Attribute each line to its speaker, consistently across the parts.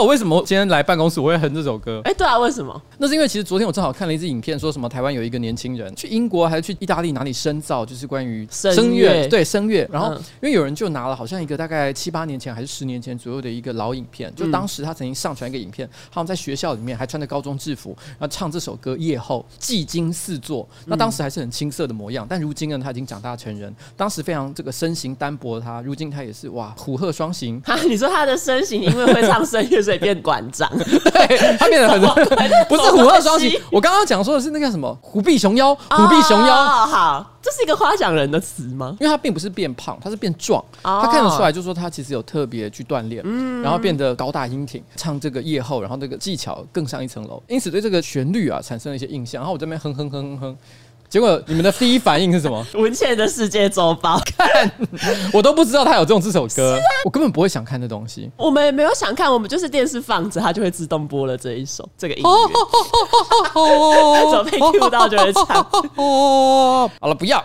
Speaker 1: 我為什麼今天來辦公室我會哼這首歌？
Speaker 2: 哎、欸，對啊，為什麼？那是因為其實
Speaker 1: 昨天我正好看了一支影片，說什麼台灣有一個年輕人去英國還是去意大利哪裡深造，就是關於聲樂，對聲樂。然後、嗯、因為有人就拿了好像一個大概七八年前還是十年前左右的一個老影片，就當時他曾經上傳一個影片，嗯、他們在學校裡面還穿着高中制服，然後唱這首歌《夜後》，技驚四座。那當時還是很青澀的模樣、嗯，但如今呢，他已經長大成人，當時非常這個身形單薄的他，他如今他也是哇虎鶴雙形。
Speaker 2: 哈，你說他的身形因為會唱聲樂。 隨便館長 對，對他變得很 不是虎鶴雙棲。
Speaker 1: 我剛剛講說的是那個什麼虎臂熊腰、虎臂熊腰。好好，這是一個誇獎人的詞嗎？因為他並不是變胖，他是變壯。Oh. 他看得出來，就是說他其實有特別去鍛鍊，嗯、oh.，然後變得高大英挺，唱這個夜後，然後這個技巧更上一層樓，因此對這個旋律啊產生了一些印象。然後我這邊哼哼哼哼哼。結果你們的第一反應是什麼？ 文茜的世
Speaker 2: 界周報不好看？ 我都不知道他有這種這首歌、
Speaker 1: 啊，我根本不會想看的東西。
Speaker 2: 我們也沒有想看，我們就是電視放着，它就會自動播了這一首這個音
Speaker 1: 樂，怎麼被 Cue 到就會
Speaker 2: 慘。好了，不要。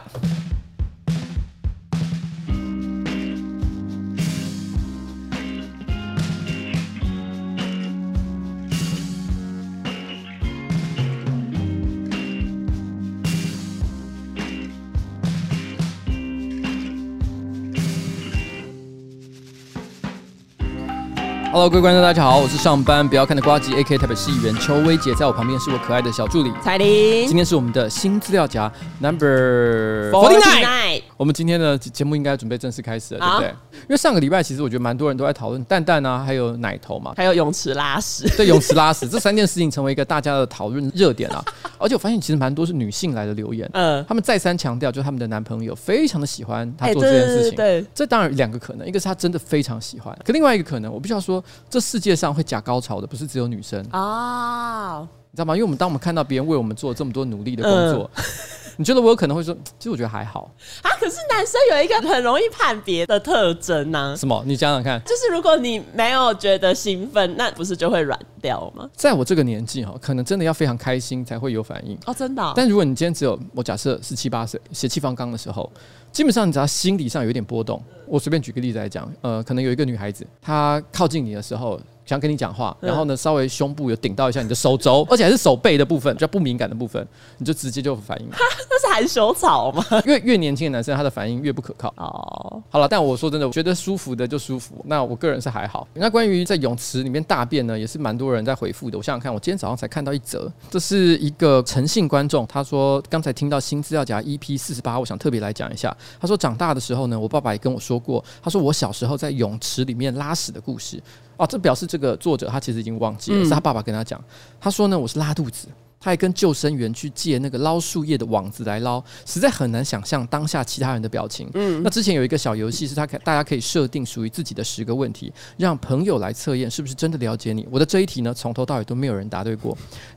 Speaker 1: Hello，各位觀眾，大家好，我是上班不要看的呱吉，AK 台北市議員邱威傑，在我旁邊是我可愛的小助理彩玲。今天是我們的新資料夾 Number forty nine。我們今天的節目應該要準備正式開始了，對不對？因為上個禮拜其實我覺得蠻多人都在討論蛋蛋啊，還有奶頭嘛，還有泳池拉屎，對，泳池拉屎 這三件事情成為一個大家的討論熱點啊。 而且我發現其實蠻多是女性來的留言，嗯，她們再三強調，就是他們的男朋友非常的喜歡她做這件事情。欸、對，這當然兩個可能，一個是她真的非常喜歡，可另外一個可能，我必須要說。這世界上會假高潮的不是只有女生
Speaker 2: 啊、哦，你
Speaker 1: 知道嗎？因為我們當我們看到別人為我們做這麼多努力的工作，呃、 你覺得我有可能會說？其實我覺得還好啊。可
Speaker 2: 是男生有一個很容易判別的特徵呢、啊，什麼？
Speaker 1: 你想想看，
Speaker 2: 就是如果你沒有覺得興奮，那不是就會軟掉嗎？
Speaker 1: 在我這個年紀哈、哦，可能真的要非常開心才會有反應哦，真的、哦。但如果你今天只有我假設是十七八歲血氣方剛的時候。基本上，你只要心理上有一點波動，我隨便舉個例子來講，呃，可能有一個女孩子，她靠近你的時候，想跟你講話，然後呢，稍微胸部有頂到一下你的手肘， 而且還是手背的部分，比較不敏感的部分，你就直接就反應了。那是含羞草嗎？因為越年輕的男生，他的反應越不可靠。哦，好了，但我說真的，我覺得舒服的就舒服。那我個人是還好。那關於在泳池裡面大便呢，也是蠻多人在回覆的。我想想看，我今天早上才看到一則，這是一個程姓觀眾，他說剛才聽到新資料夾 EP 四十八，我想特別來講一下。他說長大的時候呢，我爸爸也跟我說過，他說我小時候在泳池裡面拉屎的故事。哦、啊，這表示這個作者他其實已經忘記了、嗯，是他爸爸跟他講。他說呢，我是拉肚子，他還跟救生員去借那個撈樹葉的網子來撈，實在很難想象當下其他人的表情。嗯，那之前有一個小遊戲是他大家可以設定屬於自己的十個問題，讓朋友來測驗是不是真的了解你。我的這一題呢，從頭到尾都沒有人答對過，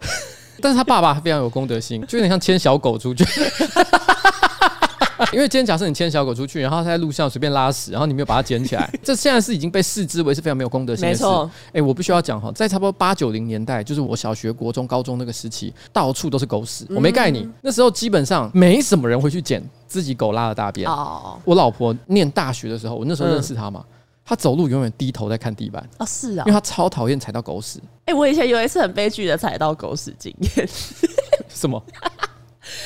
Speaker 1: 但是他爸爸非常有公德心，就有點像牽小狗出去。 因為今天假設你牽小狗出去，然後它在路上隨便拉屎，然後你沒有把它撿起來， 這現在是已經被視之為是非常沒有公德心的事。沒錯。哎、欸，我不需要講哈，在差不多八九零年代，就是我小學、國中、高中那個時期，到處都是狗屎，嗯、我沒蓋你。那時候基本上沒什麼人會去撿自己狗拉的大便。哦，我老婆念大學的時候，我那時候認識她嘛，嗯、她走路永遠低頭在看地板。
Speaker 2: 啊、哦，是啊，因為她
Speaker 1: 超討厭踩到狗屎。
Speaker 2: 哎、欸，我以前有一次很悲劇的踩到狗屎經驗。 什麼？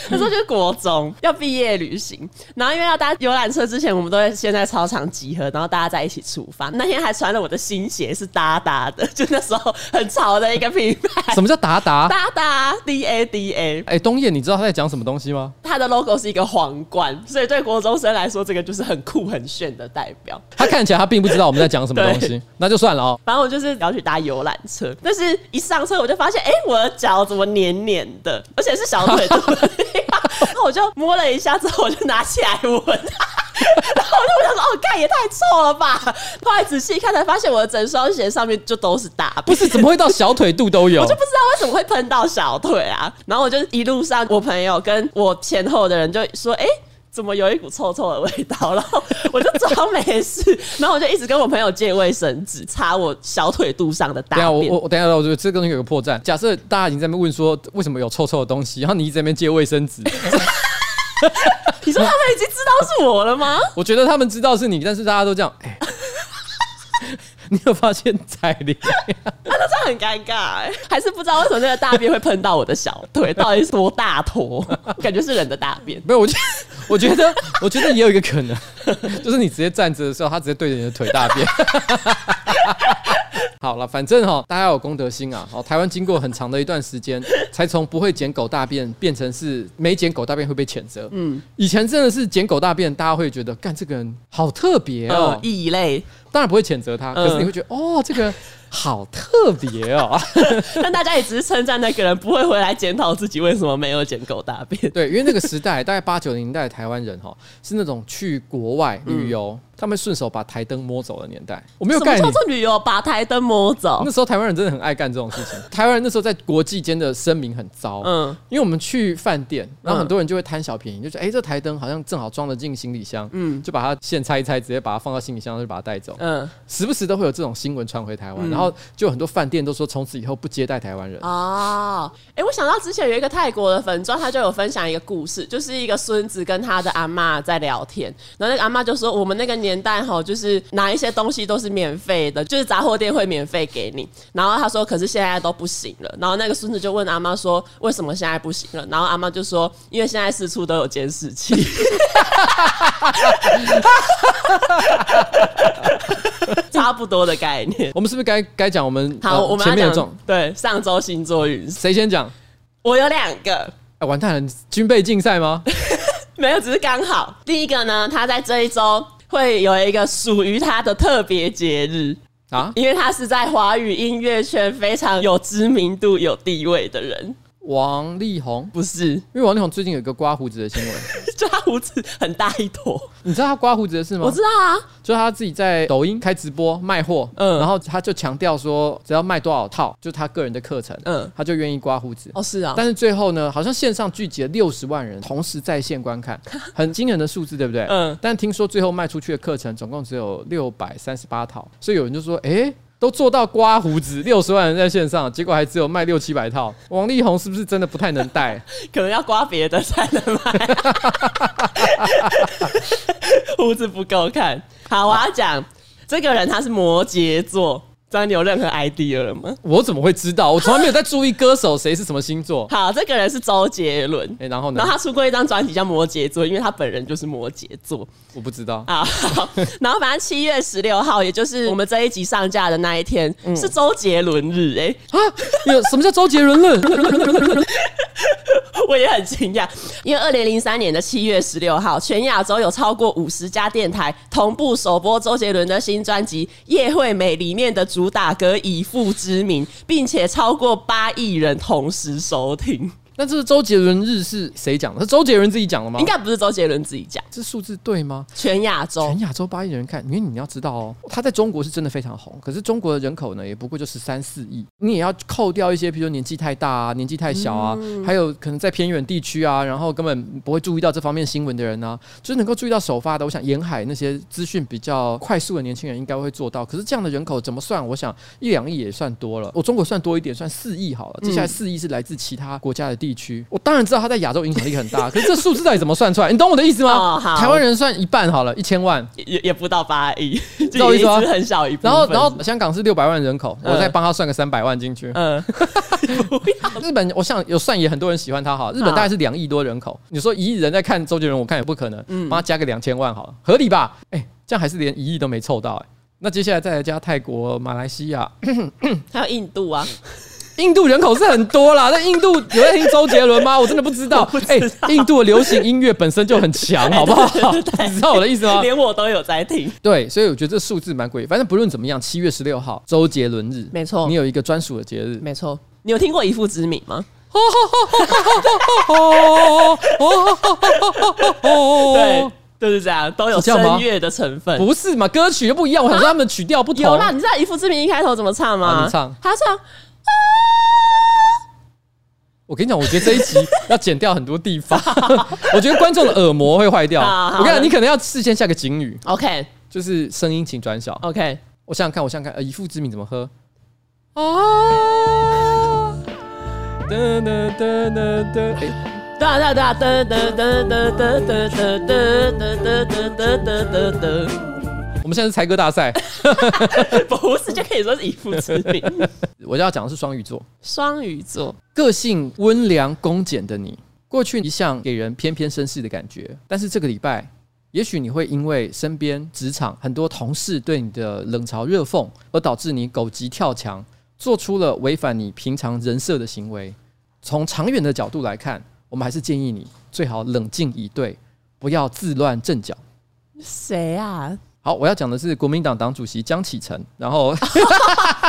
Speaker 2: 那時候就國中、嗯、要畢業旅行，然後因為要搭遊覽車，之前我們都會先在操場集合，然後大家在一起出發。那天還穿了我的新鞋，是搭搭的，就那時候很潮的一個品牌。什麼叫打打？搭搭？搭搭 D A D
Speaker 1: A。哎、欸，東燕，你知道他在講什
Speaker 2: 麼東西嗎？他的 logo 是一個皇冠，所以對國中生來說，這個就是很酷很炫的代表。
Speaker 1: 他看起來他並不知道我們在講什麼東西，那就算
Speaker 2: 了哦。反正我就是要去搭遊覽車，但是一上車我就發現，哎、欸，我的腳怎麼黏黏的，而且是小腿。 然後我就摸了一下，之後我就拿起來聞，然後我就想說：“哦，幹也太臭了吧！”後來仔細一看，才發現我的整雙鞋上面就都是大，不是怎
Speaker 1: 麼會到小腿肚都有？ 我就不
Speaker 2: 知道為什麼會噴到小腿啊！然後我就一路上，我朋友跟我前後的人就說：“哎。”怎麼有一股臭臭的味道？然後我就裝沒事， 然後我就一直跟我朋友借衛生紙擦我小腿肚上的大便。等一下，我我等
Speaker 1: 一下，我覺得這個東西有個破綻。假設大家已經在那邊問說為什麼有臭臭的東西，然後你一直在那邊借衛生紙，
Speaker 2: 你說他們已經知道是我了嗎？
Speaker 1: 我覺得他們知道是你，但是大家都這樣。欸 你有發
Speaker 2: 現在裡他真的很尷尬、欸，還是不知道為什麼那個大便會碰到我的小腿，到底是多大坨？ 感覺是人的大便。沒有，我覺得，我覺得， 我覺得
Speaker 1: 也有一個可能，就是你直接站着的時候，他直接對着你的腿大便。 好了，反正哈、喔，大家要有公德心啊。哦、喔，台灣經過很長的一段時間，才從不會撿狗大便，變成是沒撿狗大便會被譴責。嗯，以前真的是撿狗大便，大家會覺得幹這個人好特別、喔、哦，異類。當然不會譴責他，可是你會覺得、嗯、哦，這個好特別哦。
Speaker 2: 但大家也只是稱讚那個人，不會回來檢
Speaker 1: 討自己為什麼沒有撿狗大便。對，因為那個時代大概八九零代的台灣人哈，是那種去國外旅遊、嗯，他們順手把台燈摸走的年代。我沒有幹錯，什
Speaker 2: 麼叫做旅遊把台燈摸走？那時
Speaker 1: 候台灣人真的很愛幹這種事情。台灣人那時候在國際間的聲名很糟。嗯，因為我們去飯店，然後很多人就會貪小便宜，就說哎、欸，這台燈好像正好裝得進行李箱，嗯，就把它線拆一拆，直接把它放到行李箱，就把它帶走。嗯，時不時都會有這種新聞傳回台灣，嗯，然後就很多飯店都說從此以後不接待台灣人。
Speaker 2: 啊、哦，哎、欸，我想到之前有一個泰國的粉專，他就有分享一個故事，就是一個孫子跟他的阿媽在聊天，然後那個阿媽就說：“我們那個年代齁，就是拿一些東西都是免費的，就是雜貨店會免費給你。”然後他說：“可是現在都不行了。”然後那個孫子就問阿媽說：“為什麼現在不行了？”然後阿媽就說：“因為現在四處都有監視器。 ” 哈哈哈哈哈！差不多的概念。 我們是不是該該講我們好？我們前面有撞對上周星座運勢，誰先講？我有兩個。哎、欸，完蛋了，你軍備競賽嗎？ 沒有，只是剛好。第一個呢，他在這一周會有一個屬於他的特別節日啊，因為他是在華語音樂圈非常有知名度、有地位的人。王
Speaker 1: 力宏？不是，因為王力宏最近有一個刮鬍子的新聞，
Speaker 2: 就他 鬍子很大一坨。
Speaker 1: 你知道他刮鬍子的事嗎？我知道啊，就是他自己在抖音開直播賣貨，嗯，然後他就強調說，只要賣多少套，就他個人的課程，嗯，他就願意刮鬍子。哦，是啊。但是最後呢，好像線上聚集了六十萬人同時在線觀看，很驚人的數字，對不對？嗯。但聽說最後賣出去的課程總共只有六百三十八套，所以有人就說，誒、欸。都做到刮鬍子六十萬人在線上，結果還只有賣六七百套。王力宏是不是真的不
Speaker 2: 太能帶？ 可能要刮別的才能賣，鬍 子不夠看。好，我要講、啊、這個人，他是摩羯座。在你有任何 idea 了嗎？我怎麼會知道？我從來沒有在注意歌手誰是什麼星座。好，這個人是周杰倫。哎、欸，然後呢？然後他出過一張專輯叫《摩羯座》，因為他本人就是摩羯座。我不知道啊。然後反正七月十六號， 也就是我們這一集上架的那一天，嗯、是周杰倫日、欸。哎啊，有什麼叫周杰倫了？ 我也很驚訝，因為二零零三年的七月十六號，全亞洲有超過五十家電台同步首播周杰倫的新專輯《葉惠美》裡面的主打歌《以父之名》，並且超過八億人同時收聽。那這個周杰倫日是誰講的？是周杰倫自己講的嗎？應該不是周杰倫自己講。這數字對
Speaker 1: 嗎？全亞洲，全亞洲八億人看，因為你要知道哦、喔，他在中國是真的非常紅。可是中國的人口呢，也不過就十三四億。你也要扣掉一些，比如說年紀太大啊，年紀太小啊、嗯，還有可能在偏遠地區啊，然後根本不會注意到這方面新聞的人呢、啊，就是能夠注意到首發的。我想沿海那些資訊比較快速的年輕人應該會做到。可是這樣的人口怎麼算？我想一兩億也算多了。我中國算多一點，算四億好了。接下來四億是來自其他國家的地。嗯地區，我當然知道他在亞洲影響力很大，可是這數字到底怎麼算出來？ 你懂我的意思嗎？哦、好、台灣人算一半好了，一千萬
Speaker 2: 也也不到八億， 知道我意思嗎？很小一然後，然後
Speaker 1: 香港是六百萬人口、嗯，我再幫他算個三百萬進去。嗯，嗯 日本，我想有算也很多人喜歡他，好，日本大概是兩億多人口。你說一億人在看周杰倫，我看也不可能。幫、嗯、他加個兩千萬好了，合理吧？欸、這樣還是連一億都沒湊到、欸，那接下來再來加泰國、馬來西亞， 還有印度啊。 印度人口是很多啦，但印度有在聽周杰倫嗎？我
Speaker 2: 真的不知道。哎、
Speaker 1: 欸，印度的流行音樂本身就很強，好不好、欸？你知道我的意思嗎？連
Speaker 2: 我都有在聽。
Speaker 1: 對，所以我覺得這數字蠻詭異。反正不論怎麼樣，七月十六號周
Speaker 2: 杰倫日，沒錯，你有一個專屬的節日。沒錯，你有聽過《以父之名》嗎？對，就是這樣，都有音樂的成
Speaker 1: 分。不是嘛？歌曲又不一樣，我想說他們曲調不同、啊、有啦。
Speaker 2: 你知道《以父之名》一開頭怎麼唱嗎？啊、你唱，他唱。
Speaker 1: 我跟你講，我覺得這一集要剪掉很多地方， 好好 我覺得觀眾的耳膜會壞掉好好好。我跟你講，你可能要事先下個警語，OK，就是聲音請轉小，OK。我想想看，我想想看，以父之名怎麼
Speaker 2: 喝？啊 欸 我們現在是猜歌大賽， 不是 就可以說
Speaker 1: 是以父之名。我要講的是雙魚座，雙魚座個性溫良恭儉的你，過去一向給人翩翩紳士的感覺，但是這個禮拜，也許你會因為身邊職場很多同事對你的冷嘲熱諷，而導致你狗急跳牆，做出了違反你平常人設的行為。從長遠的角度來看，我們還是建議你最好冷靜以對，不要自亂陣腳。
Speaker 2: 誰啊？
Speaker 1: 好，我要講的是國民黨黨主席江啟臣，然後。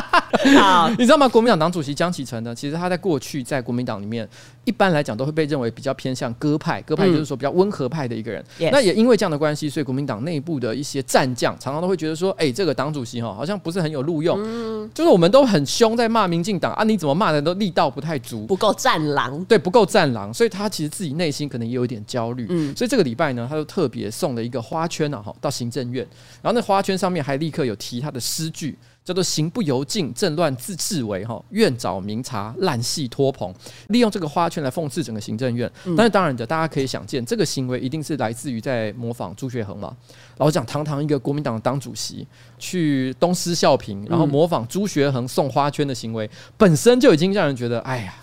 Speaker 1: 好，你知道嗎？國民黨黨主席江啟臣呢？其實他在過去在國民黨裡面，一般來講都會被認為比較偏向鴿派，鴿派就是說比較溫和派的一個人，嗯。那也因為這樣的關係，所以國民黨內部的一些戰將常常都會覺得說：“哎，欸，這個黨主席哈，好像不是很有路用。嗯。”就是我們都很凶，在罵民進黨啊，你怎麼罵的都力道不太足，不夠戰狼，對，不夠戰狼。所以他其實自己內心可能也有點焦慮，嗯。所以這個禮拜呢，他就特別送了一個花圈啊，哈，到行政院，然後那花圈上面還立刻有提他的詩句。叫做行不由徑，政亂自自為哈，院早明察，爛戲拖棚，利用這個花圈來諷刺整個行政院。但是當然的，大家可以想見，這個行為一定是來自於在模仿朱學恆嘛。老蔣堂堂一個國民黨的黨主席，去東施效顰，然後模仿朱學恆送花圈的行為、嗯，本身就已經讓人覺得，哎呀。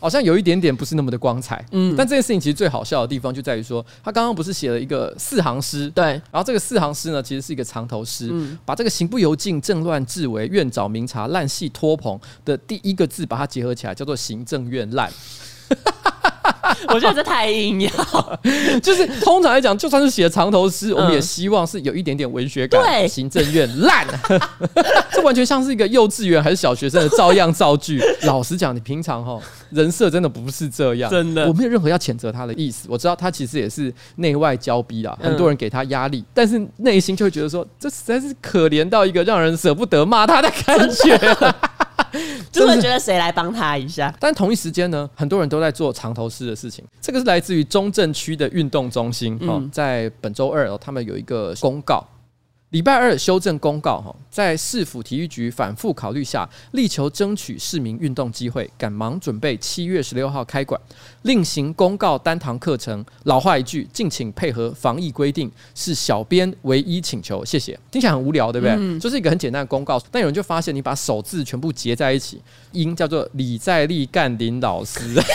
Speaker 1: 好像有一點點不是那麼的光彩，嗯，但這件事情其實最好笑的地方就在於說，他剛剛不是寫了一個四行詩，對，然後這個四行詩呢，其實是一個藏頭詩、嗯，把這個“行不由徑，政亂自為，院找明察，爛戲拖棚”的第一個字把它結合起來，叫做“行政院爛。”
Speaker 2: 我覺得這太硬
Speaker 1: 要。就是通常來講，就算是寫藏頭詩，嗯、我們也希望是有一點點文學感。行政院爛， 這完全像是一個幼稚園還是小學生的照樣造句。 老實講，你平常哈人設真的不是這樣，真的，我沒有任何要譴責他的意思。我知道他其實也是內外交逼啊，很多人給他壓力，嗯、但是內心就會覺得說，這實在是可憐到一個讓人舍不得罵他的感覺。真的
Speaker 2: 就是就是、覺得誰來幫他一下？
Speaker 1: 但同一時間呢，很多人都在做藏頭詩。的事情，這個是來自於中正區的運動中心哈、嗯，在本周二哦，他們有一個公告，禮拜二修正公告哈，在市府體育局反覆考慮下，力求爭取市民運動機會，趕忙準備七月十六號開館，另行公告單堂課程。老話一句，敬請配合防疫規定，是小編唯一請求。謝謝，聽起來很無聊，對不對？嗯、就是一個很簡單的公告，但有人就發現你把首字全部結在一起，應叫做李在利幹林老師。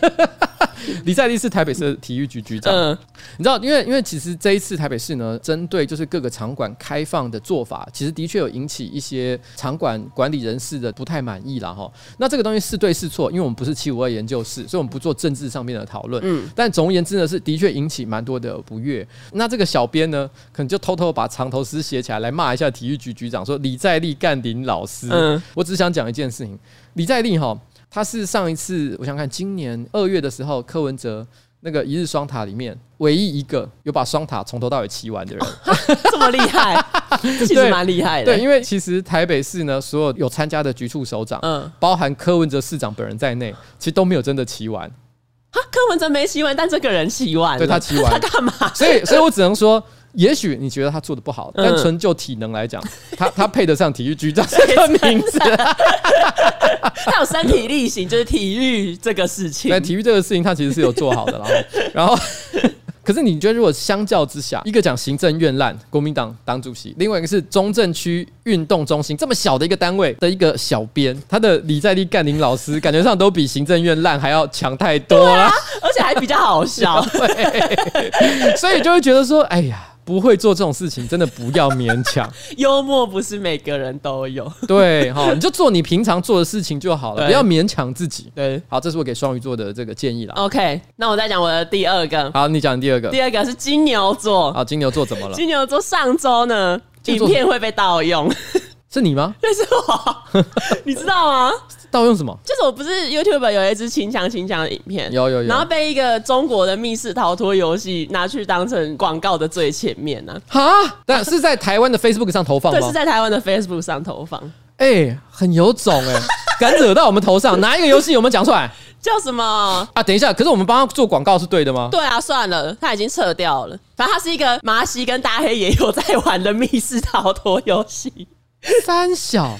Speaker 1: 李在力是台北市的體育局局長，嗯，你知道，因為因為其實這一次台北市呢，針對就是各個場館開放的做法，其實的確有引起一些場館管理人士的不太滿意啦。哈。那這個東西是對是錯？因為我們不是七五二研究室，所以我們不做政治上面的討論。嗯，但總而言之呢，是的確引起蠻多的不悅。那這個小編呢，可能就偷偷把藏頭詩寫起來，來罵一下體育局局長，說李在力幹林老師。嗯，我只想講一件事情，李在力哈。他是上一次，我想看今年二月的時候，柯文哲那個一日雙塔裡面唯一一個有把雙塔從頭到尾騎完的人，哦、
Speaker 2: 這麼厲害， 其實蠻厲害的。對，對，因
Speaker 1: 為其實台北市呢，所有有參加的局處首長，嗯，包含柯文哲市長本人在內，其實都沒有真的騎完
Speaker 2: 哈。柯文哲沒騎完，但這個人騎完了。對，他騎完，他幹嘛？所以，所以我只
Speaker 1: 能說。 也許你覺得他做的不好，但純就體能來講，嗯、 他他配得上體育局長這個名
Speaker 2: 字， 他有身體
Speaker 1: 力行，就是體育這個事情。那體育這個事情，他其實是有做好的啦。然後，然後，可是你覺得，如果相較之下，一個講行政院爛，國民黨黨主席，另外一個是中正區運動中心這麼小的一個單位的一個小編，他的李在力、幹林老師，感覺上都比行政院爛還要強太多了，啊
Speaker 2: 啊，而且還比較好笑，
Speaker 1: 所以就會覺得說，哎呀。不會做這種事情，真的不要勉強。
Speaker 2: 幽默不是每個人都有， 對，齁，你就
Speaker 1: 做你平常做的事情就好了，不要勉強自己。對，好，這是我給雙魚座的這個建議
Speaker 2: 了。OK，那我再講我的第二個。
Speaker 1: 好，你講第二個。第二個是
Speaker 2: 金牛座。
Speaker 1: 啊，金牛座怎麼
Speaker 2: 了？金牛座上周呢，影片會被
Speaker 1: 盜用。 是你嗎？那
Speaker 2: 是，是我， 你知道嗎？
Speaker 1: 盜用什麼？
Speaker 2: 就是我不是 YouTube 有一支清槍清槍的影片，有有有，然後被一個中國的密室逃脫遊戲拿去當成廣告的最前面呢、
Speaker 1: 啊？哈！那是在台灣的 Facebook 上投放嗎？對，是在
Speaker 2: 台灣的 Facebook 上投放。
Speaker 1: 哎、欸，很有種哎、欸，敢惹到我們頭上？ 哪一個遊戲有沒有講出來？
Speaker 2: 叫 什麼啊？
Speaker 1: 等一下，可是我們幫他做廣告是對的嗎？
Speaker 2: 對啊，算了，他已經撤掉了。反正他是一個麻西跟大黑也有在玩的密室逃脫遊戲。
Speaker 1: 三小，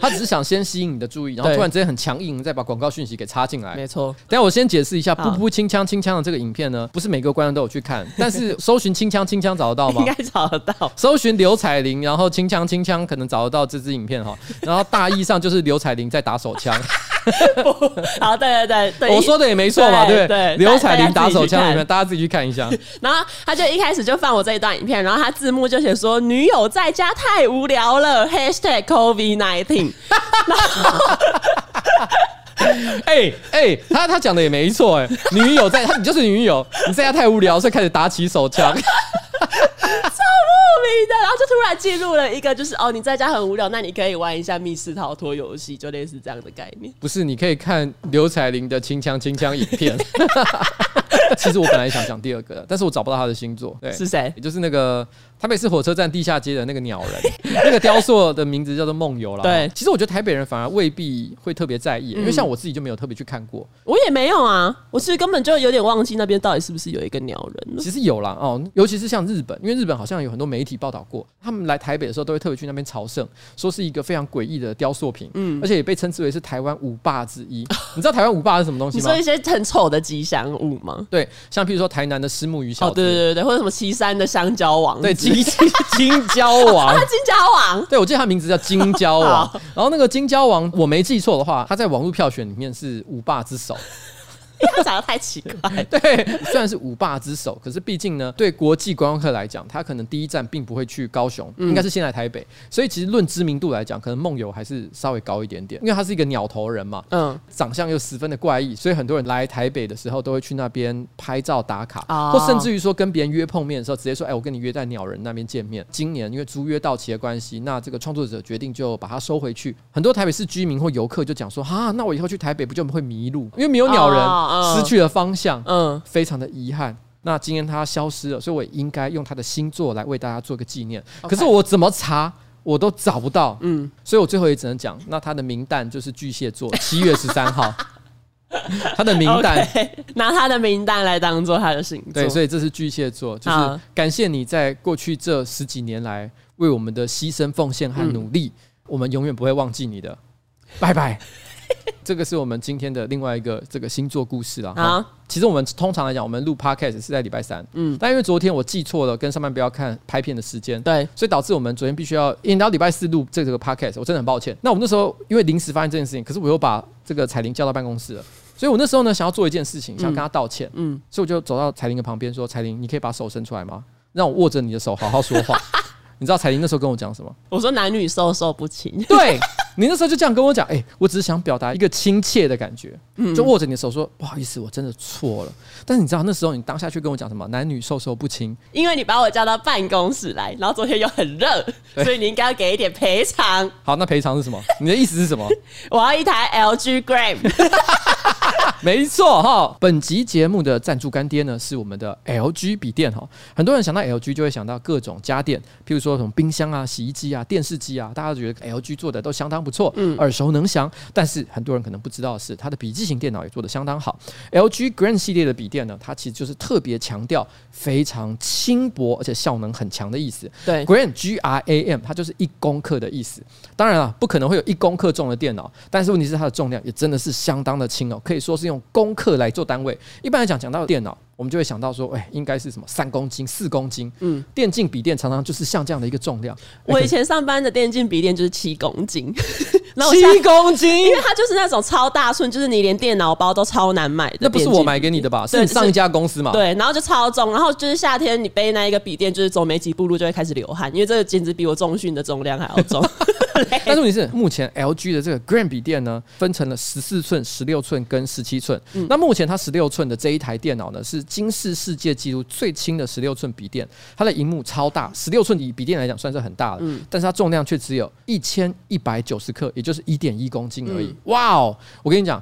Speaker 1: 他只是想先吸引你的注意，然後突然之間很強硬，再把廣告訊息給插進來。沒錯，等一下我先解釋一下，《噗噗輕槍》輕槍的這個影片呢，不是每個觀眾都有去看，但是搜尋“輕槍輕槍”找得到嗎？應該找得到。搜尋劉彩玲，然後“輕槍輕槍”可能找得到這支影片哈。然後大意上就是劉彩玲在打手槍。
Speaker 2: 好，對對對，對，我說的也沒錯嘛，對不對，對？劉彩玲打手槍，裡面
Speaker 1: 大家自己去看一下。 然
Speaker 2: 後他就一開始就放我這一段影片，然後他字幕就寫說：“ 女友在家太無聊了，hashtag COVID-19。”哎 哎然後、 欸
Speaker 1: 欸，他他講的也沒錯，哎， 女友在，他你就是女友，你在家太無聊，所以開始打起手槍。
Speaker 2: 超莫名的，然後就突然記錄了一個，就是哦，你在家很無聊,那你可以玩一下密室逃脫遊戲，就類似這樣的概念。
Speaker 1: 不是，你可以看劉彩玲的《清腔》、《清腔》影片。 其實我本來想講第二個的，但是我找不到他的星座，對，是誰？就是那個。台北市火車站地下街的那個鳥人， 那個雕塑的名字叫做夢遊了。對，其實我覺得台北人反而未必會特別在意，嗯，因為像我自己就沒有特別去看過，
Speaker 2: 我也沒有啊，我是根本就有點忘記那邊到底是不是有一個鳥人。其實
Speaker 1: 有啦哦，尤其是像日本，因為日本好像有很多媒體報道過，他們來台北的時候都會特別去那邊朝聖，說是一個非常詭異的雕塑品，嗯、而且也被稱之為是台灣五霸之一。 你知道台灣五霸是什麼東西嗎？你說一些
Speaker 2: 很醜的吉祥物嗎？對，像譬如說台南的虱目魚小，對、哦、對對對，或者什麼旗山的香蕉王子， 金金膠王、金膠王，對，我記得他名字叫金膠王。然
Speaker 1: 後那個金膠王，我沒記錯的話，他在網絡票選裡面是五霸之首。
Speaker 2: 他長得太奇怪，
Speaker 1: 對，雖然是五霸之首，可是畢竟呢，對國際觀光客來講，他可能第一站並不會去高雄，嗯、應該是先來台北，所以其實論知名度來講，可能夢遊還是稍微高一點點，因為他是一個鳥頭人嘛，嗯，長相又十分的怪異，所以很多人來台北的時候都會去那邊拍照打卡，哦、或甚至於說跟別人約碰面的時候，直接說，哎，我跟你約在鳥人那邊見面。今年因為租約到期的關係，那這個創作者決定就把它收回去，很多台北市居民或遊客就講說，哈，那我以後去台北不就會迷路，因為沒有鳥人。哦失去了方向，嗯，非常的遺憾。那今天他消失了，所以我也應該用他的星座來為大家做個紀念。可是我怎麼查我都找不到，嗯，所以我最後也只能講，那他的名單就是巨蟹座，七月十三號。他的名單，
Speaker 2: 拿他的名單來當做他的星座。對，所以
Speaker 1: 這是巨蟹座。就是感謝你在過去這十幾年來為我們的犧牲、奉獻和努力，我們永遠不會忘記你的。拜拜。 這個是我們今天的另外一個這個星座故事了。啊，其實我們通常來講，我們錄 podcast 是在禮拜三，嗯，但因為昨天我記錯了，跟上班不要看拍片的時間，對，所以導致我們昨天必須要，因為要禮拜四錄這個 podcast，我真的很抱歉。那我們那時候因為臨時發現這件事情，可是我又把這個彩玲叫到辦公室了，所以我那時候呢想要做一件事情，想跟她道歉，嗯，所以我就走到彩玲的旁邊說：“彩玲，你可以把手伸出來嗎？讓我握着你的手，好好說話。 ”你知道彩玲那時候跟我講什麼？我說男女授受不親。對 你那時候就這樣跟我講，哎、欸，我只是想表達一個親切的感覺，就握着你的手說不好意思，我真的錯了。但是你知道那時候你當下去跟我講什麼？男女授受不親，
Speaker 2: 因為你把我叫到辦公室來，然後昨天又很熱，所以你應該要給一點賠償。
Speaker 1: 好，那賠償是什麼？你的意思是什麼？
Speaker 2: 我要一台 LG Gram。
Speaker 1: 沒錯哈，本集節目的贊助乾爹呢是我們的 LG 筆電哈、喔。很多人想到 LG 就會想到各種家電，譬如說什麼冰箱啊、洗衣機啊、電視機啊，大家都覺得 LG 做的都相當不錯，耳熟能詳。但是很多人可能不知道的是，它的筆記型電腦也做得相當好。LG Gram 系列的筆電呢，它其實就是特別強調非常輕薄而且效能很強的意思。對 Gram G R A M 它就是一公克的意思。當然了，啊，不可能會有一公克重的電腦，但是問題是它的重量也真的是相當的輕哦，可以說。說是用公克來做單位。一般來講，講到電腦，我們就會想到說，哎、欸，應該是什麼三公斤、四公斤？嗯，電競筆電常常就是像這樣的一個重量。我以前
Speaker 2: 上班的電競筆電就是七公斤然後，七公斤，因為它就是那種超大寸，就是你連電腦包都超難買的筆筆。那不是我買給你的吧？是上一家公司嘛？對，然後就超重，然後就是夏天你背那一個筆電，就是走沒幾步路就會開始流汗，因為這個簡直比我重訓的重量還要重。
Speaker 1: 但是問題是，目前 LG 的這個 Gram 筆電呢，分成了十四寸、十六寸跟十七寸。那目前它十六寸的這一台電腦呢，是金氏世界紀錄最輕的十六寸筆電。它的熒幕超大，十六寸以筆電來講算是很大的，嗯、但是它重量卻只有一千一百九十克，也就是一點一公斤而已。哇、嗯、哦！Wow, 我跟你講，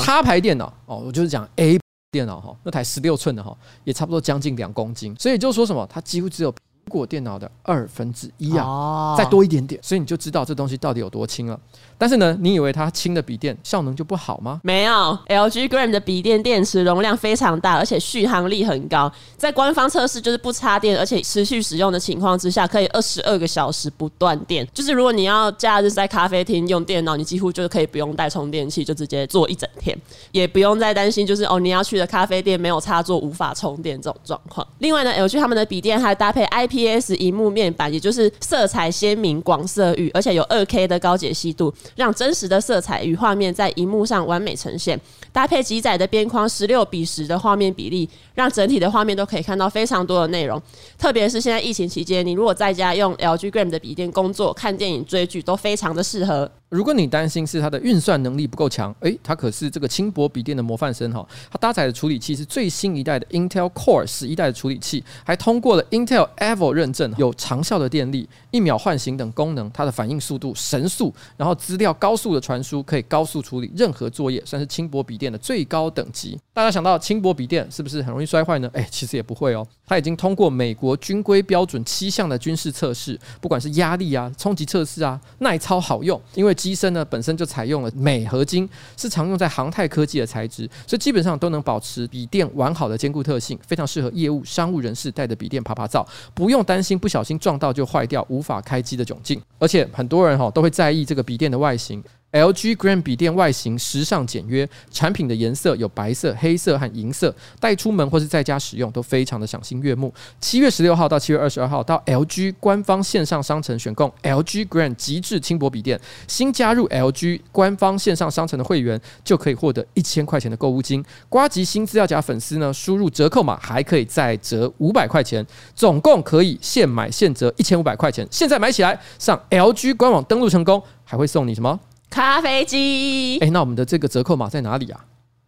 Speaker 1: 他牌電腦哦，我就是講 A 電腦哈，那台十六寸的哈，也差不多將近兩公斤。所以就是說什麼，它幾乎只有。如果電腦的二分之一啊，哦，再多一點點，所以你就知道這東西到底有多輕了。但是呢，你以為它輕的筆電效能就不好嗎？
Speaker 2: 沒有，LG Gram 的筆電電池容量非常大，而且續航力很高。在官方測試，就是不插電而且持續使用的情況之下，可以二十二個小時不斷電。就是如果你要假日在咖啡廳用電腦，你幾乎就可以不用帶充電器，就直接坐一整天，也不用再擔心就是哦你要去的咖啡店沒有插座無法充電這種狀況。另外呢，LG 他們的筆電還搭配 IPS 螢幕面板，也就是色彩鮮明、廣色域，而且有 2K 的高解析度。讓真實的色彩與畫面在熒幕上完美呈現，搭配極窄的邊框，十六比十的畫面比例。讓整體的畫面都可以看到非常多的內容，特別是現在疫情期間，你如果在家用 LG Gram 的筆電工作、看電影、追劇，都非常的適合。如
Speaker 1: 果你擔心是它的運算能力不夠強，誒，它可是這個輕薄筆電的模範生哈！它搭載的處理器是最新一代的 Intel Core 十一代的處理器，還通過了 Intel Evo 認證，有長效的電力、一秒喚醒等功能，它的反應速度神速，然後資料高速的傳輸，可以高速處理任何作業，算是輕薄筆電的最高等級。大家想到輕薄筆電是不是很容易？摔壞呢？誒、欸，其實也不會哦。它已經通過美國軍規標準七項的軍事測試，不管是壓力啊、衝擊測試啊，耐操好用。因為機身呢本身就採用了鎂合金，是常用在航太科技的材質，所以基本上都能保持筆電完好的堅固特性，非常適合業務商務人士帶着筆電趴趴走，不用擔心不小心撞到就壞掉、無法開機的窘境。而且很多人哈都會在意這個筆電的外形。LG gram 筆電外形時尚簡約，產品的顏色有白色、黑色和銀色，帶出門或是在家使用都非常的賞心悅目。七月十六號到七月二十二號，到 LG 官方線上商城選購 LG gram 極緻輕薄筆電，新加入 LG 官方線上商城的會員就可以獲得一千塊錢的購物金。呱吉新資料夾粉絲呢，輸入折扣碼還可以再折五百塊錢，總共可以現買現折一千五百塊錢。現在買起來，上 LG 官網登錄成功，還會送你什麼？
Speaker 2: 咖啡機，
Speaker 1: 哎、欸，那我們的這個折扣碼在哪裡啊？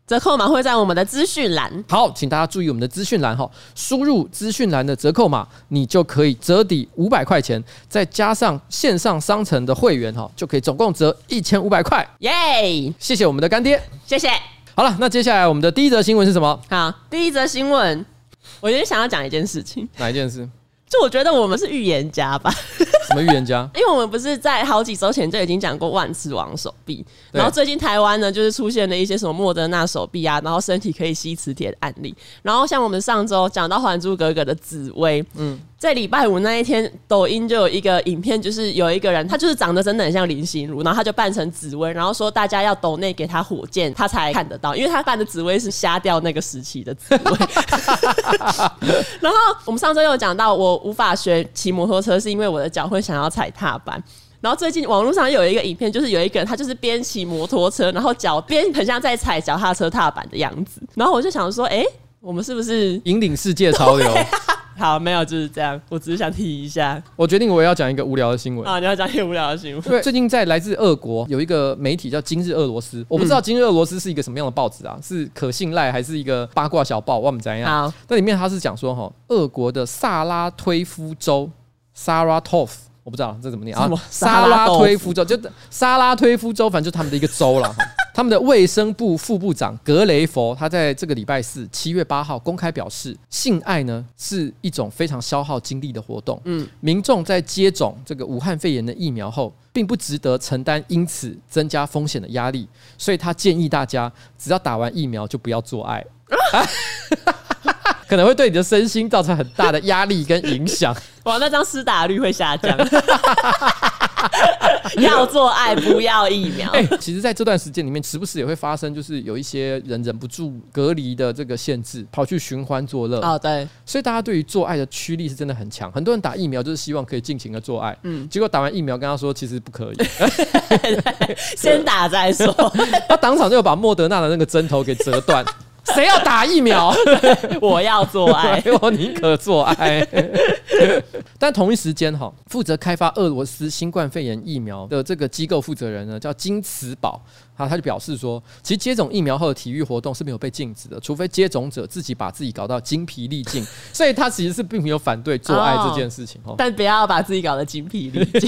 Speaker 2: 折扣碼會在我們的資
Speaker 1: 訊欄。好，請大家注意我們的資訊欄哈，輸入資訊欄的折扣碼，你就可以折抵五百塊錢，再加上線上商城的會員哈、哦，就可以總共折一千五百塊。耶、yeah!！謝謝我們的乾爹，謝謝。好了，那接下來我們的第一則新聞是什麼？
Speaker 2: 好，第一則新聞，我今天想要講一件事情，哪一件事？ 就我覺得我們是預言家吧？
Speaker 1: 什麼預言家？
Speaker 2: 因為我們不是在好幾周前就已經講過萬磁王手臂，然後最近台灣呢，就是出現了一些什麼莫德納手臂啊，然後身體可以吸磁鐵的案例。然後像我們上周講到《還珠格格》的紫薇，嗯，在禮拜五那一天，抖音就有一個影片，就是有一個人，他就是長得真的很像林心如，然後他就扮成紫薇，然後說大家要抖內給他火箭，他才看得到，因為他扮的紫薇是瞎掉那個時期的紫薇。 然後我們上周又有講到我。無法學騎摩托車是因為我的腳會想要踩踏板。然後最近網絡上有一個影片，就是有一個人他就是邊騎摩托車，然後腳邊很像在踩腳踏車踏板的樣子。然後我就想說，哎，我們是不是引領世界潮流？啊好，沒有，就是這樣。我只是想提一下，
Speaker 1: 我決定我要講一個無聊的新聞啊！
Speaker 2: 你要講一個無聊的新聞。對，最
Speaker 1: 近在來自俄國有一個媒體叫《今日俄羅斯》，我不知道《今日俄羅斯》是一個什麼樣的報紙啊、嗯？是可信賴還是一個八卦小報？我們怎樣？好，那裡面它是講說哈，俄國的薩拉推夫州 （Saratov）。不知道這怎麼念啊，麼沙？沙拉推夫州，就沙拉推夫州，反正就是他們的一個州了。 他們的衛生部副部長格雷佛，他在這個禮拜四七月八號公開表示，性愛呢是一種非常消耗精力的活動。嗯，民眾在接種這個武漢肺炎的疫苗後，並不值得承擔因此增加風險的壓力，所以他建議大家只要打完疫苗就不要做愛。啊 可能會對你的身心造成很大的壓力跟影響 。
Speaker 2: 哇，那張施打率會下降。 要做愛，不要疫苗。哎、
Speaker 1: 欸，其實，在這段時間裡面，時不時也會發生，就是有一些人忍不住隔離的這個限制，跑去尋歡作樂。哦，對。所以，大家對於做愛的驅力是真的很強。很多人打疫苗就是希望可以盡情的做愛。嗯。結果打完疫苗跟他說，其實不可以。
Speaker 2: 先
Speaker 1: 打再說。 他當場就有把莫德納的那個針頭給折斷。
Speaker 2: 誰要打疫苗？ 我要做愛、 哎，我
Speaker 1: 寧可做愛。 但同一時間哈，負責開發俄羅斯新冠肺炎疫苗的這個機構負責人呢，叫金茨堡，他他就表示說，其實接種疫苗後的體育活動是沒有被禁止的，除非接種者自己把自己搞到精疲力盡。所以他其實是並沒有反對做愛這件事情、oh, 但
Speaker 2: 不要把自己搞得精疲力盡。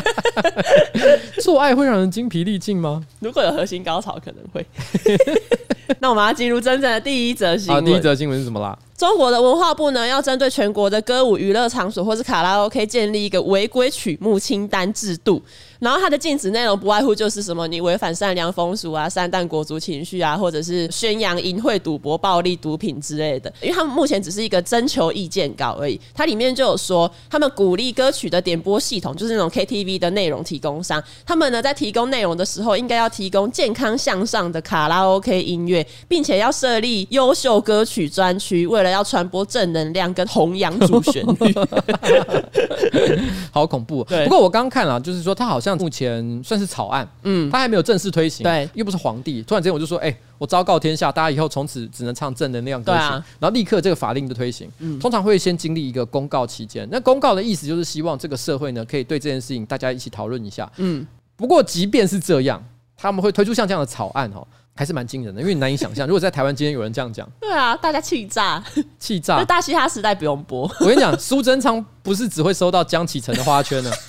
Speaker 2: 做愛會讓人
Speaker 1: 精疲力盡嗎？
Speaker 2: 如果有核心高潮，可能會。 那我們要進入，真正的第一則新聞，啊，第一則新聞是什麼啦？中國的文化部呢，要針對全國的歌舞娛樂場所或是卡拉 OK 建立一個違規曲目清單制度。然後它的禁止內容不外乎就是什麼，你違反善良風俗啊、煽動國族情緒啊，或者是宣揚淫穢、賭博、暴力、毒品之類的。因為他們目前只是一個徵求意見稿而已，它裡面就有說，他們鼓勵歌曲的點播系統，就是那種 KTV 的內容提供商，他們呢在提供內容的時候，應該要提供健康向上的卡拉 OK 音樂，並且要設立優秀歌曲專區，為了要傳播正能量跟弘揚主旋律
Speaker 1: 好恐怖對！不過我剛剛看了、啊，就是說他好像。像目前算是草案，嗯，他還沒有正式推行，對，又不是皇帝。突然之間我就說，哎、欸，我昭告天下，大家以後從此只能唱正能量歌曲。啊、然後立刻這個法令的推行，嗯，通常會先經歷一個公告期間。那公告的意思就是希望這個社會呢，可以對這件事情大家一起討論一下。嗯，不過即便是這樣，他們會推出像這樣的草案，喔，哈，還是蠻驚人的，因為難以想象。 如果在台灣今天有人這樣講，
Speaker 2: 對啊，大家氣炸，氣炸。大嘻哈時代不用播。我跟你講，
Speaker 1: 蘇 貞昌不是只會收到江啟臣的花圈呢。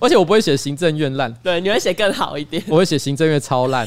Speaker 1: 而且我不會寫行政院爛，
Speaker 2: 對，你會寫更
Speaker 1: 好一點。我會寫行政院超爛，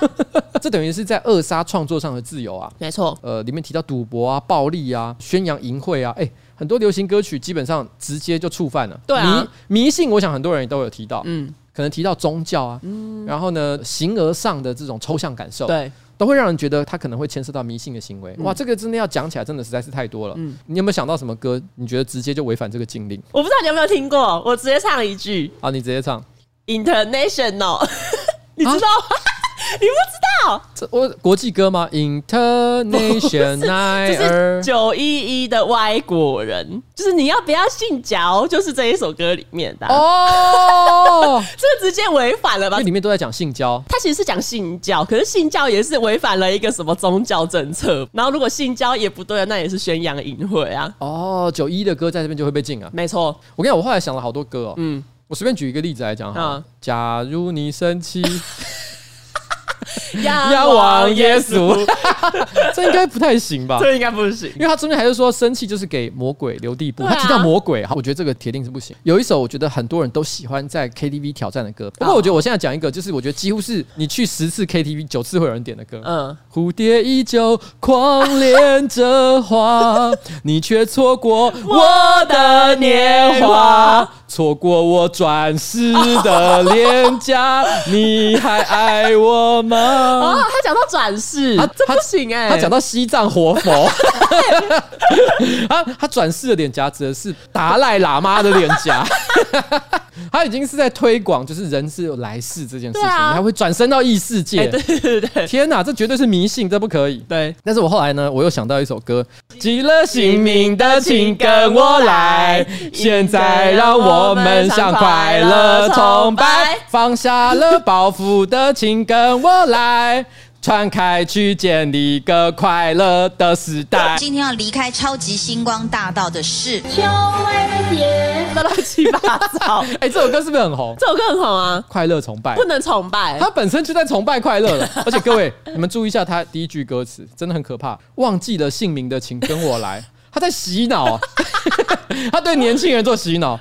Speaker 1: 這等於是在扼殺創作上的自由啊。沒錯，呃，裡面提到賭博啊、暴力啊、宣揚淫穢啊，哎、欸，很多流行歌曲基本上直接就觸犯了。對啊，迷信，我想很多人也都有提到，嗯，可能提到宗教啊，嗯，然後呢，形而上的這種抽象感受，對。都會讓人覺得他可能會牽涉到迷信的行為。嗯、哇，這個真的要講起來，真的實在是太多了、嗯。你有沒有想到什麼歌？你覺得直接就違反這個禁令？
Speaker 2: 我不知道你有沒有聽過，我直接唱一句。好，你直接唱。International，、啊、 你知道嗎？啊你不知道這我國際歌嗎？International，九一一的外國人就是你要不要信教？就是這一首歌裡面的哦、啊，oh! 這個直接違反了吧？裡面都在講性交，他其實是講性教，可是性教也是違反了一個什麼宗教政策。然後如果性教也不對了，那也是宣揚淫穢啊。哦，九一的歌在這邊就會被禁
Speaker 1: 啊？沒錯，我跟你講，我後來想了好多歌、喔，嗯，我隨便舉一個例子來講哈、嗯，假如你生氣。 妖王耶穌， 這應該不太行吧？ 這應該不行，因為他中間還是說生氣就是給魔鬼留地步，啊、他提到魔鬼哈，我覺得這個鐵定是不行。有一首我覺得很多人都喜歡在 KTV 挑戰的歌，不過我覺得我現在講一個，就是我覺得幾乎是你去十次 KTV 九次會有人點的歌。嗯，蝴蝶依舊狂戀着花， 你卻錯過我的年華，錯過我轉世的臉頰， 你還愛我嗎？哦，他
Speaker 2: 講到轉世、啊，這不行哎、欸！他講到
Speaker 1: 西藏活佛， 他他轉世的臉頰指的是達賴喇嘛的臉頰， 他已經是在推廣，就是人是有來世這件事情，他、啊、會轉生到異世界？欸、對，對對對！天哪，這絕對是迷信，這不可以。對，但是我後來呢，我又想到一首歌，《寂寞星球的請》，跟我來，現在讓我們向快樂崇拜，放下了包袱的請，跟我來。 來傳開去，建立個快樂的時代。今天
Speaker 2: 要離開超級星光大道的是秋蝴蝶的亂七八糟。
Speaker 1: 哎、 欸，這首歌是不是很紅？這首歌很紅啊！快樂崇拜不
Speaker 2: 能崇拜，他
Speaker 1: 本身就在崇拜快樂了。而且各位， 你們注意一下，他第一句歌詞真的很可怕。忘記了姓名的，請跟我來。 他在洗腦、啊， 他對年輕人做洗腦，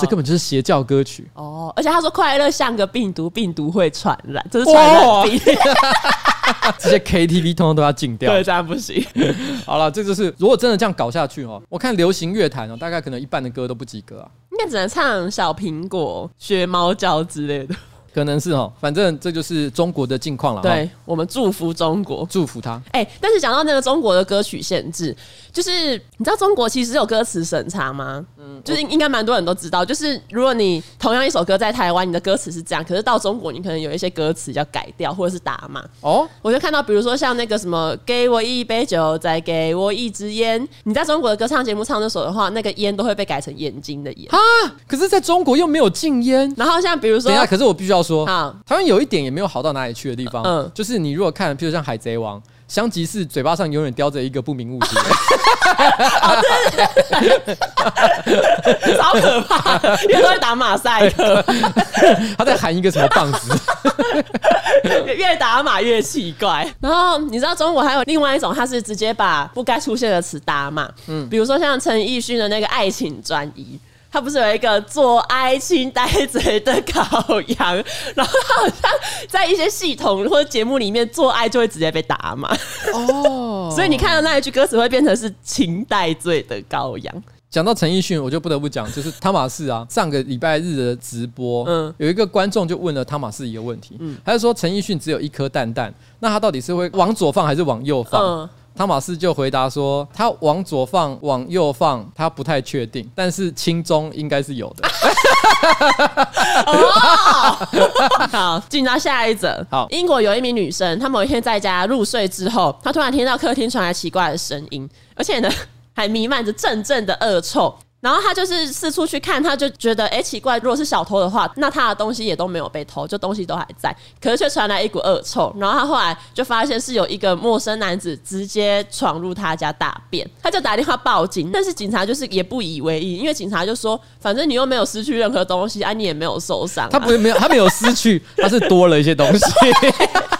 Speaker 1: 這根本就是邪教歌曲。哦，
Speaker 2: 而且他說快樂像個病毒，病毒會傳染，這、就是傳染病。Oh.
Speaker 1: 這些 KTV 通通都要禁掉， 對，這樣不行。 好了，這就是如果真的這樣搞下去哦、喔，我看流行樂壇哦，大概可能一半的歌都不及格啊，應
Speaker 2: 該只能唱小蘋果、學貓叫之類的，可能是哦、喔。反
Speaker 1: 正這就是中國的境況了。對，我們祝福中國，祝福他。
Speaker 2: 哎、欸，但是講到那個中國的歌曲限制。就是你知道中國其實有歌詞審查嗎？嗯，就是應該蠻多人都知道。就是如果你同樣一首歌在台灣，你的歌詞是這樣，可是到中國你可能有一些歌詞要改掉或者是打碼。哦，我就看到比如說像那個什麼，給我一杯酒，再給我一支菸。你在中國的歌唱節目唱這首的話，那個菸都會被改成眼睛的
Speaker 1: 煙啊。可是，在中國又沒有禁菸。然後像比如說，等一下，可是我必須要說，好像有一點也沒有好到哪裡去的地方。嗯，就是你如果看，譬如像《海賊王》。香吉士嘴巴上永遠叼着一個不明物體，
Speaker 2: 好可怕！越打馬賽克，
Speaker 1: 他在喊一個什麼棒子 ？
Speaker 2: 越打馬越奇怪。然後你知道中國還有另外一種，他是直接把不該出現的詞打碼。嗯，比如說像陳奕迅的那個《愛情轉移》。他不是有一個做愛情代罪的羔羊，然後他好像在一些系統或者節目裡面做愛就會直接被打嘛。
Speaker 1: 哦， 所以你
Speaker 2: 看到那一句歌詞會變成是情代罪的羔羊，哦。講到陳奕迅，我就不得不
Speaker 1: 講，就是湯馬士啊，上個禮拜日的直播，嗯，有一個觀眾就問了湯馬士一個問題，嗯，他就說陳奕迅只有一顆蛋蛋，那他到底是會往左放還是往右放，嗯？嗯湯馬斯就回答說：“他往左放，往右放，他不太確定，但是親中應該是有的。 ”
Speaker 2: oh! 好，進到下一則。好，英國有一名女生，她某一天在家入睡之後，她突然聽到客廳傳來奇怪的聲音，而且呢，還瀰漫着陣陣的惡臭。然後他就是四處去看，他就覺得哎、欸、奇怪，如果是小偷的話，那他的東西也都沒有被偷，就東西都還在，可是卻傳來一股惡臭。然後他後來就發現是有一個陌生男子直接闖入他家大便，他就打電話報警，但是警察就是也不以為意，因為警察就說反正你又沒有失去任何東西，啊你也沒有受傷、啊，他不是沒有，他沒有
Speaker 1: 失去， 他是多了一些東西。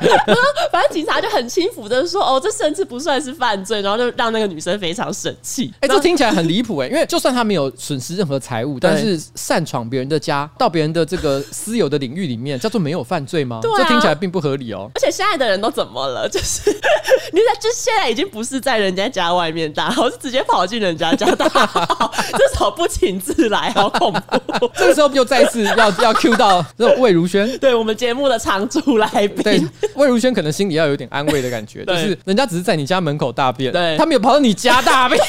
Speaker 2: 反正警察就很輕浮的說：「哦，這甚至不算是犯罪。」然後就讓那個女生非常神氣。哎、欸，這聽起來很離譜哎， 因為就算
Speaker 1: 他沒有損失任何財物，但是擅闖別人的家，到別人的這個私有的領域裡面，叫做沒有犯罪嗎？這、啊、聽起來並不合理哦。
Speaker 2: 而且現在的人都怎麼了？就是你在，就現在已經不是在人家家外面大，號， 是直接跑進人家家大號， 這叫不請自來，好恐怖。 這個時候又再次要 要 Q
Speaker 1: 到這魏如萱，
Speaker 2: 對我們節目的常駐來
Speaker 1: 賓。 魏如萱可能心裡要有點安慰的感覺，就是人家只是在你家門口大便，對，他沒有跑到你家大便。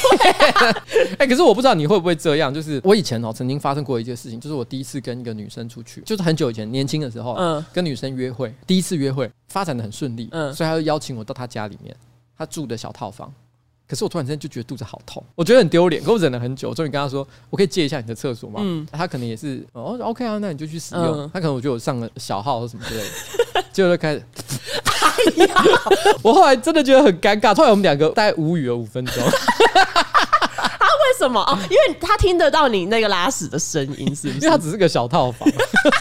Speaker 1: 哎，可是我不知道你會不會這樣。就是我以前哦、喔，曾經發生過一件事情，就是我第一次跟一個女生出去，就是很久以前年輕的時候，嗯，跟女生約會，第一次約會發展得很順利，嗯，所以他就邀請我到他家裡面，他住的小套房。可是我突然間就覺得肚子好痛，我覺得很丟臉，可我忍了很久，終於跟他說，我可以借一下你的廁所嗎？嗯，他可能也是、喔，哦，OK 啊，那你就去使用。他可能我覺得我上了小號或什麼之類的。就開始，哎呀！我後來真的覺得很尷尬，突然我們兩個大概無語了五分鐘。
Speaker 2: 他為什麼、哦、因為他聽得到你那個拉屎
Speaker 1: 的聲音，是不是？他只是個小套房，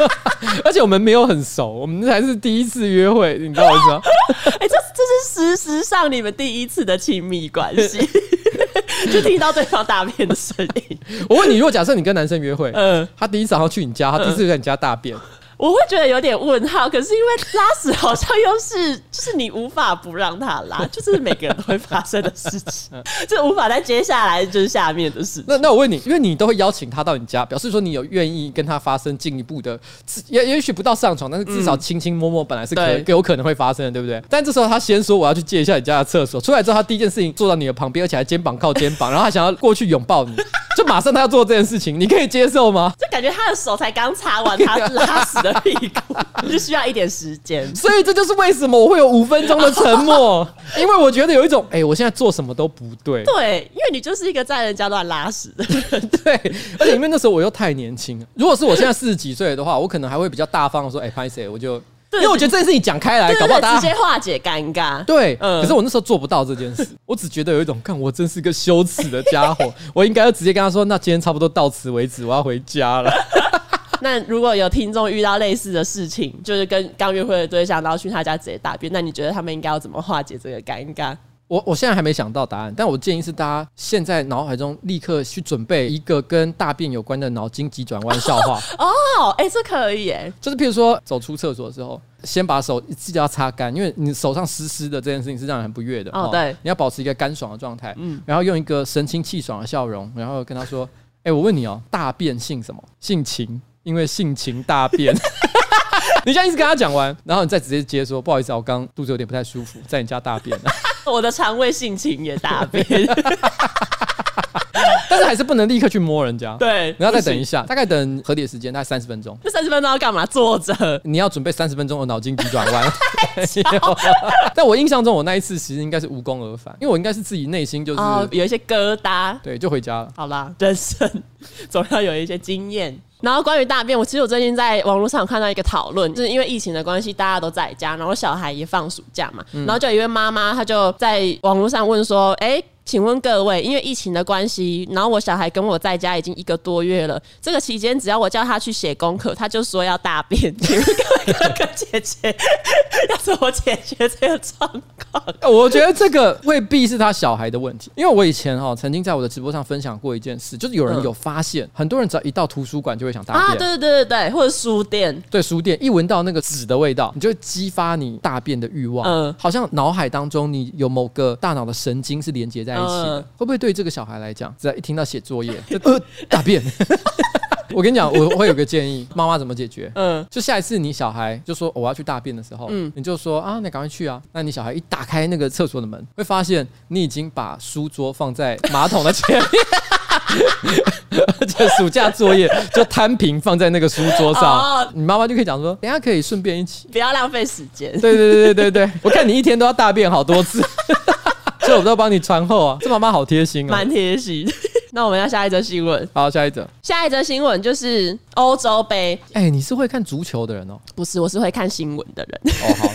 Speaker 1: 而且我們沒有很熟，我們才是第一次約會，你知道嗎？
Speaker 2: 哎、欸，這這是事實上你們第一次的親密關係， 就聽到對方大便的聲音。我
Speaker 1: 問你，如果假設你跟男生約會，嗯，他第一次要去你家，他第一次在你家大便。
Speaker 2: 我會覺得有點問號，可是因為拉屎好像又是 就是你無法不讓他拉，就是每個人都會發生的事情， 就無法再接下來就是下面的事情。那那我問你，
Speaker 1: 因為你都會邀請他到你家，表示說你有願意跟他發生進一步的，也也許不到上床，但是至少親親摸摸本來是可、嗯、有可能會發生的，對不對？但這時候他先說我要去借一下你家的廁所，出來之後他第一件事情坐到你的旁邊，而且還肩膀靠肩膀，然後他想要過去擁抱你。 就馬上他要做這件事情，你可以接受嗎？
Speaker 2: 就感覺他的手才剛擦完，他拉屎的屁股， 就需要一點時間。
Speaker 1: 所以這就是為什麼我會有五分鐘的沉默， 因為我覺得有一種，哎、欸，我現在做什麼都不對。
Speaker 2: 對，因為你就是一個在人家亂拉屎的
Speaker 1: 人。對，而且因為那時候我又太年輕了。如果是我現在四十幾歲的話，我可能還會比較大方的說，哎、欸，不好意思，我就。因為我覺得這件事你講開來，對對對，搞不好大家對對
Speaker 2: 對，直接化解尷尬，對、
Speaker 1: 嗯,可是我那時候做不到這件事， 我只覺得有一種，看我真是個羞恥的傢伙， 我應該要直接跟他說，那今天差不多到此為止，我要回家了。
Speaker 2: 那如果有聽眾遇到類似的事情，就是跟剛約會的對象，然後去他家直接大便，那你覺得他們應該要怎麼化解這個尷尬？
Speaker 1: 我我現在還沒想到答案，但我建議是大家現在腦海中立刻去準備一個跟大便有關的腦筋急轉彎笑話
Speaker 2: 哦，哎、oh, oh, 欸、這可以哎、欸，就是譬如說
Speaker 1: 走出廁所之後，先把手自己要擦乾，因為你手上濕濕的這件事情是讓人很不悅的、oh, 哦，對，你要保持一個乾爽的狀態，嗯，然後用一個神清氣爽的笑容、嗯，然後跟他說，哎、欸，我問你哦，大便姓什麼？性情，因為性情大便。 你這樣一直跟他講完，然後你再直接接說：“不好意思、啊，我剛剛肚子有點不太舒服，在你家大便、啊、
Speaker 2: 我的腸胃性情也大變 但是還是不能立刻去
Speaker 1: 摸人家，對，你要再等一下，大概等合理的時間，大概三十分鐘。
Speaker 2: 這三十分鐘要幹嘛？坐着？
Speaker 1: 你要準備三十分鐘的腦筋急轉彎。在 有嗎 我印象中，我那一次其實應該是無功而返，因為我應該是自己內心就是、哦、有一些疙瘩，對，就回家了。好啦，人生
Speaker 2: 總要有一些經驗。然後關於大便，我其實我最近在網絡上有看到一個討論，就是因為疫情的關係，大家都在家，然後小孩也放暑假嘛，嗯、然後就有一位媽媽，她就在網絡上問說，哎、欸。請問各位，因為疫情的關係，然後我小孩跟我在家已經一個多月了。這個期間，只要我叫他去寫功課，他就說要大便。哥 哥 姐姐，要怎麼解決這個狀
Speaker 1: 況？我覺得這個未必是他小孩的問題，因為我以前哈、哦、曾經在我的直播上分享過一件事，就是有人有發現，嗯、很多人只要一到圖書館就會想大便。啊，對
Speaker 2: 對對對對，或者書店，
Speaker 1: 對書店，一聞到那個紙的味道，你就會激發你大便的慾望。嗯，好像腦海當中你有某個大腦的神經是連接在一起，會不會對這個小孩來講，只要一聽到寫作業，就大便？ 我跟你講，我會有個建議，媽媽怎麼解決？嗯，就下一次你小孩就說我要去大便的時候，嗯，你就說啊，你趕快去啊。那你小孩一打開那個廁所的門，會發現你已經把書桌放在馬桶的前面， 就暑假作業就攤平放在那個書桌上，你媽媽就可以講說，等下
Speaker 2: 可以順便一起，不要浪費時間。對對對對對對，
Speaker 1: 我看你一天都要大便好多次。我都要幫你傳後啊，這媽媽好貼心啊、喔，蠻貼
Speaker 2: 心。 那我們要下一則新聞，
Speaker 1: 好，下一則，
Speaker 2: 下一則新聞就是歐洲杯。
Speaker 1: 哎、欸，你是會看足球的人哦、喔？
Speaker 2: 不是，我是會看新聞的人。哦，好。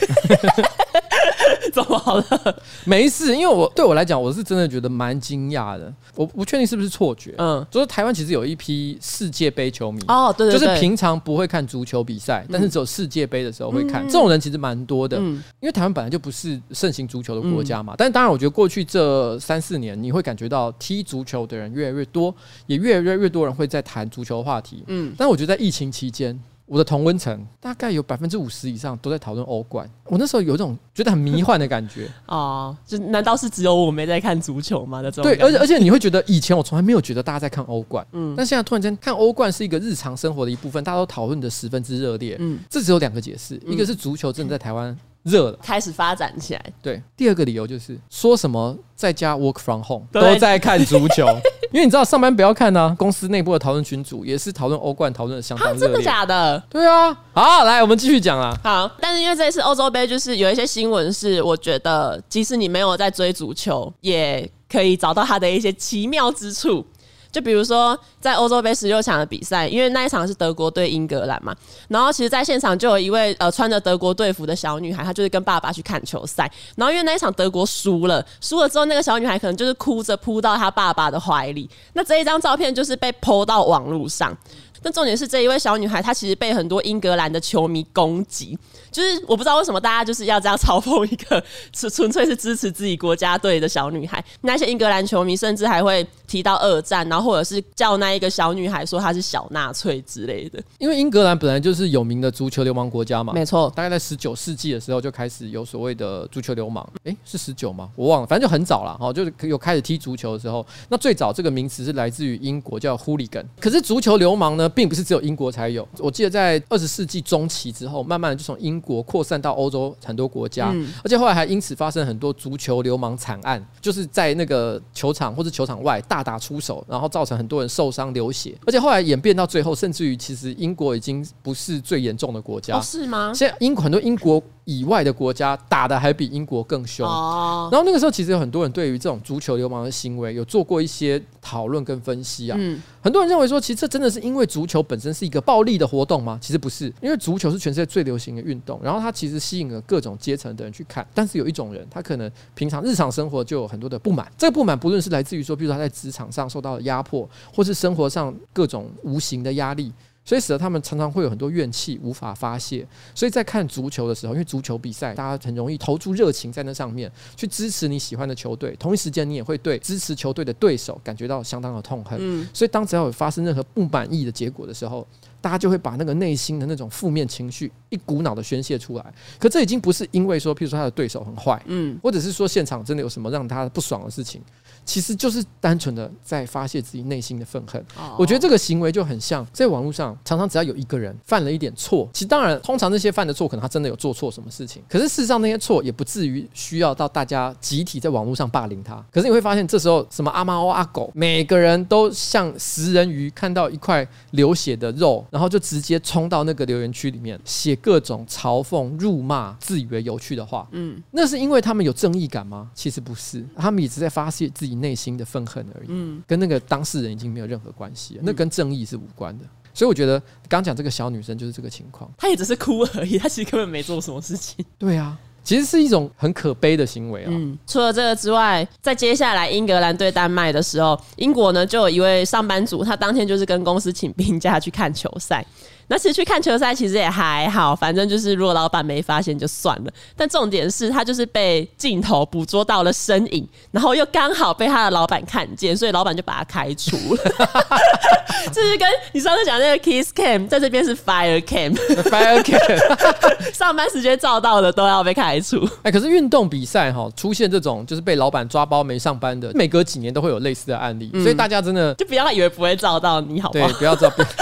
Speaker 1: 怎麼了？沒事，因為我對我來講，我是真的覺得蠻驚訝的。我不確定是不是錯覺。嗯，就是說台灣其實有一批世界杯球迷哦，對，對，對，就是平常不會看足球比賽，嗯，但是只有世界杯的時候會看。嗯，這種人其實蠻多的，嗯，因為台灣本來就不是盛行足球的國家嘛。嗯、但當然，我覺得過去這三四年，你會感覺到踢足球的人越來越多，也越來越，越多人會在談足球話題。嗯，但我覺得在疫情期間。我的同溫層大概有百分之五十以上都在討論歐冠，我那時候有一種覺得很迷幻的感覺啊！就難道是只有我沒在看足球嗎？那種對，而且而且你會覺得以前我從來沒有覺得大家在看歐冠，嗯，但現在突然間看歐冠是一個日常生活的一部分，大家都討論得十分之熱烈，嗯，這只有兩個解釋，一個是足球真的在台灣。熱了，
Speaker 2: 開始發展起來。
Speaker 1: 對，第二個理由就是說什麼在家 work from home 都在看足球，因為你知道上班不要看啊，公司內部的討論群組也是討論歐冠、討論得相當熱烈。真的假
Speaker 2: 的？對啊。
Speaker 1: 好，來我們繼續講啊。
Speaker 2: 好，但是因為這次歐洲盃，就是有一些新聞是，我覺得即使你沒有在追足球，也可以找到它的一些奇妙之處。就比如說，在歐洲盃十六強的比賽，因為那一場是德國對英格蘭嘛，然後其實，在現場就有一位呃穿着德國隊服的小女孩，她就是跟爸爸去看球賽，然後因為那一場德國輸了，輸了之後，那個小女孩可能就是哭着撲到她爸爸的懷裡，那這一張照片就是被 PO 到網路上。但重點是這一位小女孩，她其實被很多英格蘭的球迷攻擊，就是我不知道為什麼大家就是要這樣嘲諷一個純純粹是支持自己國家隊的小女孩。那些英格蘭球迷甚至還會提到二戰，然後或者是叫那一個小女孩說她是小納粹之類的。
Speaker 1: 因為英格蘭本來就是有名的足球流氓國家嘛，沒錯，大概在十九世紀的時候就開始有所謂的足球流氓。誒、欸，是十九嗎？我忘了，反正就很早了哈，就是有開始踢足球的時候。那最早這個名詞是來自於英國叫 Hooligan，可是足球流氓呢？並不是只有英國才有。我記得在二十世紀中期之後，慢慢的就從英國擴散到歐洲很多國家，而且後來還因此發生很多足球流氓慘案，就是在那個球場或是球場外大打出手，然後造成很多人受傷流血。而且後來演變到最後，甚至於其實英國已經不是最嚴重的國家，不是嗎？現在英國很多英國以外的國家打的還比英國更兇。然後那個時候其實有很多人對於這種足球流氓的行為有做過一些討論跟分析啊。很多人認為說，其實這真的是因為足球本身是一個暴力的活動嗎？其實不是，因為足球是全世界最流行的運動，然後它其實吸引了各種階層的人去看。但是有一種人，他可能平常日常生活就有很多的不滿，這個不滿不論是來自於說，比如說他在職場上受到的壓迫，或是生活上各種無形的壓力。所以使得他們常常會有很多怨氣無法發洩。所以在看足球的時候，因為足球比賽大家很容易投注熱情在那上面，去支持你喜歡的球隊。同一時間，你也會對支持球隊的對手感覺到相當的痛恨。嗯、所以，當只要有發生任何不滿意的結果的時候，大家就會把那個內心的那種負面情緒一股腦的宣洩出來，可這已經不是因為說，譬如說他的對手很壞，嗯，或者是說現場真的有什麼讓他不爽的事情，其實就是單純的在發洩自己內心的憤恨。我覺得這個行為就很像在網絡上，常常只要有一個人犯了一點錯，其實當然通常那些犯的錯可能他真的有做錯什麼事情，可是事實上那些錯也不至於需要到大家集體在網絡上霸凌他。可是你會發現這時候什麼阿貓阿狗，每個人都像食人魚，看到一塊流血的肉。然後就直接衝到那個留言區裡面，寫各種嘲諷、辱罵、自以為有趣的話。嗯，那是因為他們有正義感嗎？其實不是，他們一直在發洩自己內心的憤恨而已。嗯，跟那個當事人已經沒有任何關係，那跟正義是無關的。嗯。所以我覺得剛講這個小女生就是這個情況，
Speaker 2: 她也只是哭而已，她其實根本沒做什麼事情。 對啊。
Speaker 1: 其實是一種很可悲的行為啊。喔，嗯，
Speaker 2: 除了這個之外，在接下來英格蘭對丹麥的時候，英國呢就有一位上班族，他當天就是跟公司請病假去看球賽。那其實去看球賽其實也還好，反正就是如果老闆沒發現就算了。但重點是，他就是被鏡頭捕捉到了身影，然後又剛好被他的老闆看見，所以老闆就把他開除了。 就是跟你上次講那個 kiss cam，在這邊是 fire cam，fire cam, fire cam 上班時間照到的都要被開除。哎、欸，可是運動比賽哈、哦，出現這種就是
Speaker 1: 被老闆抓包沒上班的，每隔幾年都會有類似的案例，嗯、所以大家真的就不要以為不會照到你，好不好？對，不要照。不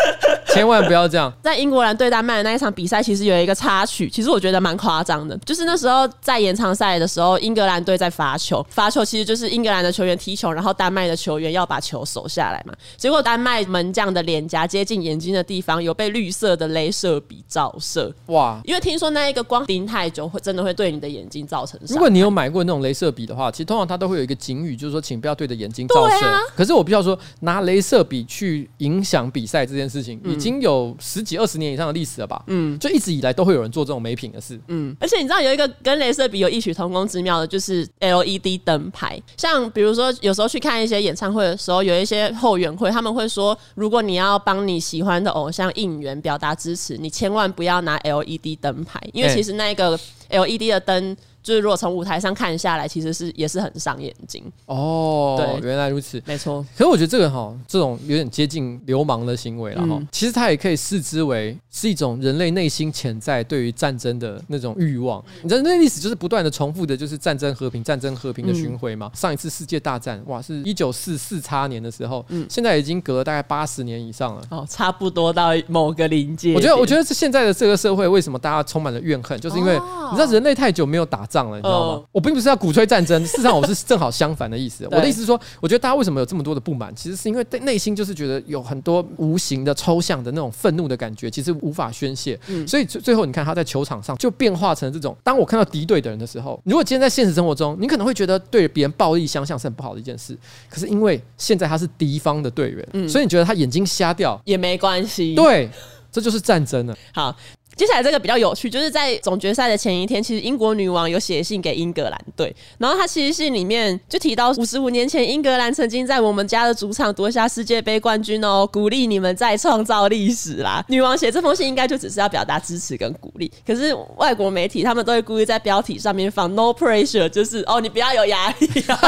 Speaker 1: 千萬不要這樣！
Speaker 2: 在英格蘭對丹麥的那一場比賽，其實有一個插曲，其實我覺得蠻誇張的。就是那時候在延長賽的時候，英格蘭隊在罰球，罰球其實就是英格蘭的球員踢球，然後丹麥的球員要把球守下來嘛。結果丹麥門將的臉頰接近眼睛的地方有被綠色的鐳射筆照射，哇！因為聽說那一個光盯太久，會真的會對你的眼睛造成。如果你
Speaker 1: 有買過那種鐳射筆的話，其實通常它都會有一個警語，就是說請不要對着眼睛照射。啊、可是我必須要說，拿鐳射筆去影響比賽這件事情、嗯已經已經有十幾二十年以上的歷史了吧？嗯，就一直以來都會有人
Speaker 2: 做這種沒品的事。嗯，而且你知道有一個跟雷射筆有異曲同工之妙的，就是 LED 燈牌。像比如說，有時候去看一些演唱會的時候，有一些後援會，他們會說，如果你要幫你喜歡的偶像應援，表達支持，你千萬不要拿 LED 燈牌，因為其實那個 LED 的燈。欸嗯就是如果從舞台上看下來，其實是也是很傷眼睛
Speaker 1: 哦。對，原來如此，沒錯。可是我覺得這個哈，這種有點接近流氓的行為，了、嗯、哈，其實它也可以視之為是一種人類內心潛在對於戰爭的那種慾望。你知道那歷史就是不斷的重複的，就是戰爭、和平、戰爭、和平的巡迴嘛、嗯。上一次世界大戰哇，是一九四四叉年的時候、嗯，現在已經隔了大概八
Speaker 2: 十年以上了。哦，差不多到某個臨界。我覺得，我覺
Speaker 1: 得是現在的這個社會，為什麼大家充滿了怨恨，就是因為、哦、你知道人類太久沒有打仗。你知道嗎？哦、我並不是要鼓吹戰爭，事實上我是正好相反的意思。 我的意思是說，我覺得大家為什麼有這麼多的不滿，其實是因為內心就是覺得有很多無形的、抽象的那種憤怒的感覺，其實無法宣泄。嗯、所以最最後你看他在球場上就變化成這種。當我看到敵對的人的時候，如果今天在現實生活中，你可能會覺得對別人暴力相向是很不好的一件事。可是因為現在他是敵方的隊員，嗯、所以你覺得他眼睛瞎掉也沒關係。對，這就是戰
Speaker 2: 爭了。 好。接下來這個比較有趣，就是在總決賽的前一天，其實英國女王有寫信給英格蘭隊，然後她其實信裡面就提到五十五年前英格蘭曾經在我們家的主場奪下世界盃冠軍哦，鼓勵你們再創造歷史啦。女王寫這封信應該就只是要表達支持跟鼓勵，可是外國媒體他們都會故意在標題上面放 no pressure，就是哦你不要有壓力、哦，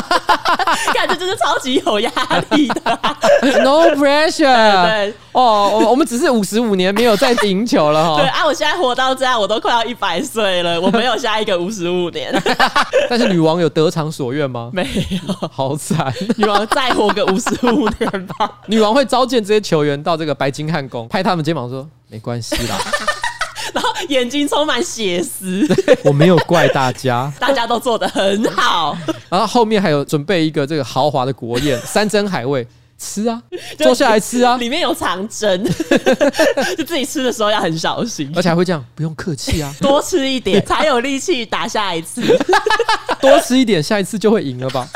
Speaker 2: 感覺真的超級有壓力的、啊、 no pressure。對 哦我，我們只
Speaker 1: 是五十五年沒有再贏球了哈、哦。 對啊
Speaker 2: 我。現在活到這樣，我都快要一百歲了，我沒有下一個五十五年。
Speaker 1: 但是女王有得償所願嗎？沒有，好慘。
Speaker 2: 女王再活個五十五年吧。 女王會召見這
Speaker 1: 些球員到這個白金漢宮，拍他們肩膀說：“沒關係啦。
Speaker 2: ”然後眼睛充滿血絲。
Speaker 1: 我沒有怪大家，
Speaker 2: 大家都做得很好。 然後
Speaker 1: 後面還有準備一個這個豪華的國宴，山珍海味。
Speaker 2: 吃啊，坐下來吃啊，
Speaker 1: 裡面有長
Speaker 2: 針， 就自己吃的時候要很小心。而且
Speaker 1: 還會這樣，不用客氣啊，
Speaker 2: 多吃一點才有力氣打下一次，
Speaker 1: 多吃一點，下一次就會贏了吧。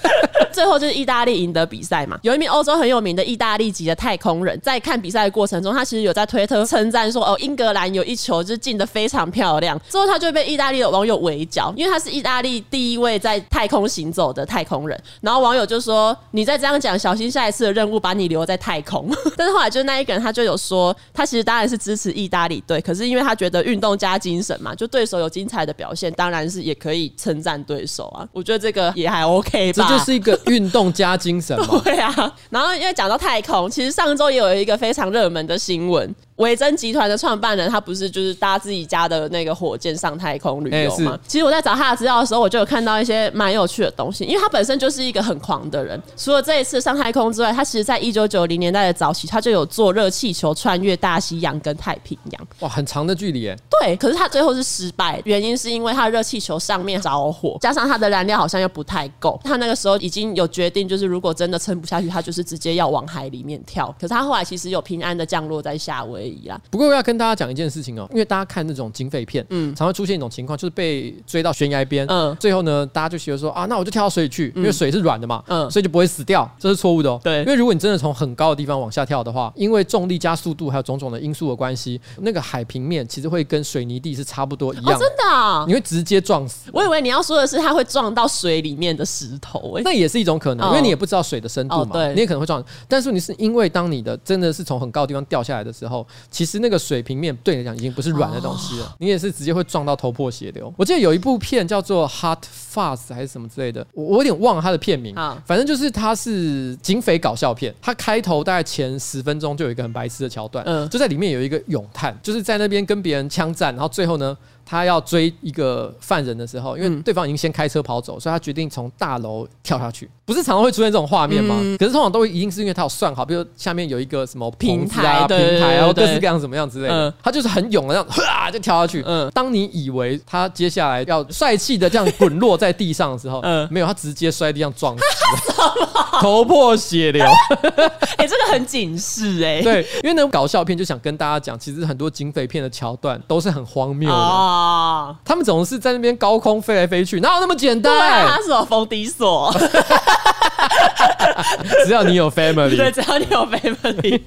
Speaker 2: 最後就是意大利贏得比賽嘛，有一名歐洲很有名的意大利籍的太空人在看比賽的過程中，他其實有在推特稱讚說：“哦，英格蘭有一球就進得非常漂亮。”之後他就被意大利的網友圍剿，因為他是意大利第一位在太空行走的太空人。然後網友就說：“你再這樣講，小心下一次的任務把你留在太空。”但是後來就那一個人，他就有說，他其實當然是支持意大利隊，可是因為他覺得運動家精神嘛，就對手有精彩的表現，當然是也可以稱讚對手啊。我覺得這個也還 OK 吧，這就是一
Speaker 1: 個。 運動加精神， 對
Speaker 2: 啊。然後因為講到太空，其實上周也有一個非常熱門的新聞。維珍集團的創辦人，他不是就是搭自己家的那個火箭上太空旅遊嗎、欸？其實我在找他的資料的時候，我就有看到一些蠻有趣的東西，因為他本身就是一個很狂的人。除了這一次上太空之外，他其實在一九九零年代的早期，他就有坐熱氣球穿越大西洋跟太平洋，哇，很長的距離誒、欸。對，可是他最後是失敗，原因是因為他熱氣球上面着火，加上他的燃料好像又不太夠。他那個時候已經有決定，就是如果真的撐不下去，他就是直接要往海裡面跳。可是他後來其實有平安的降落在夏威夷。
Speaker 1: 不過我要跟大家講一件事情哦、喔，因為大家看那種警匪片，嗯，常會出現一種情況，就是被追到懸崖邊，嗯，最後呢，大家就學會說啊，那我就跳到水裡去，因為水是軟的嘛嗯，嗯，所以就不會死掉。這是錯誤的哦、喔，對，因為如果你真的從很高的地方往下跳的話，因為重力加速度還有種種的因素的關係，那個海平面其實會跟水泥地是差不多一樣、哦，真的、啊，你會直接撞死。
Speaker 2: 我以為你要說的是它會撞到
Speaker 1: 水裡面的石頭、欸，那也是一種可能，因為你也不知道水的深度嘛，哦、對你也可能會撞。但是你是因為當你的真的是從很高的地方掉下來的時候。其實那個水平面對你來講已經不是軟的東西了，oh. 你也是直接會撞到頭破血流。我記得有一部片叫做《Hot Fuzz》還是什麼之類的，我我有點忘了它的片名啊。Oh. 反正就是它是警匪搞笑片，它開頭大概前十分鐘就有一個很白痴的橋段，uh. 就在裡面有一個詠嘆，就是在那邊跟別人槍戰，然後最後呢。他要追一個犯人的時候，因為對方已經先開車跑走，嗯、所以他決定從大樓跳下去。不是常常會出現這種畫面嗎、嗯？可是通常都一定是因為他有算好，比如說下面有一個什麼、啊、平台對對對、平台，然後各式各樣怎麼樣之類的對對對、嗯。他就是很勇的這樣嘩、啊、就跳下去、嗯。當你以為他接下來要帥氣的這樣滾落在地上的時候、嗯，沒有，他直接摔地上撞死 什麼頭破血流。哎、 欸，這個很警示哎、欸。對，因為那種搞笑片就想跟大家講，其實很多警匪片的橋段都是很荒謬的。哦啊！他們總是在那邊高空飛來飛去，哪有那麼簡單、欸？對，他
Speaker 2: 是我封底鎖。
Speaker 1: 只要你有 family，對，只要
Speaker 2: 你有 family，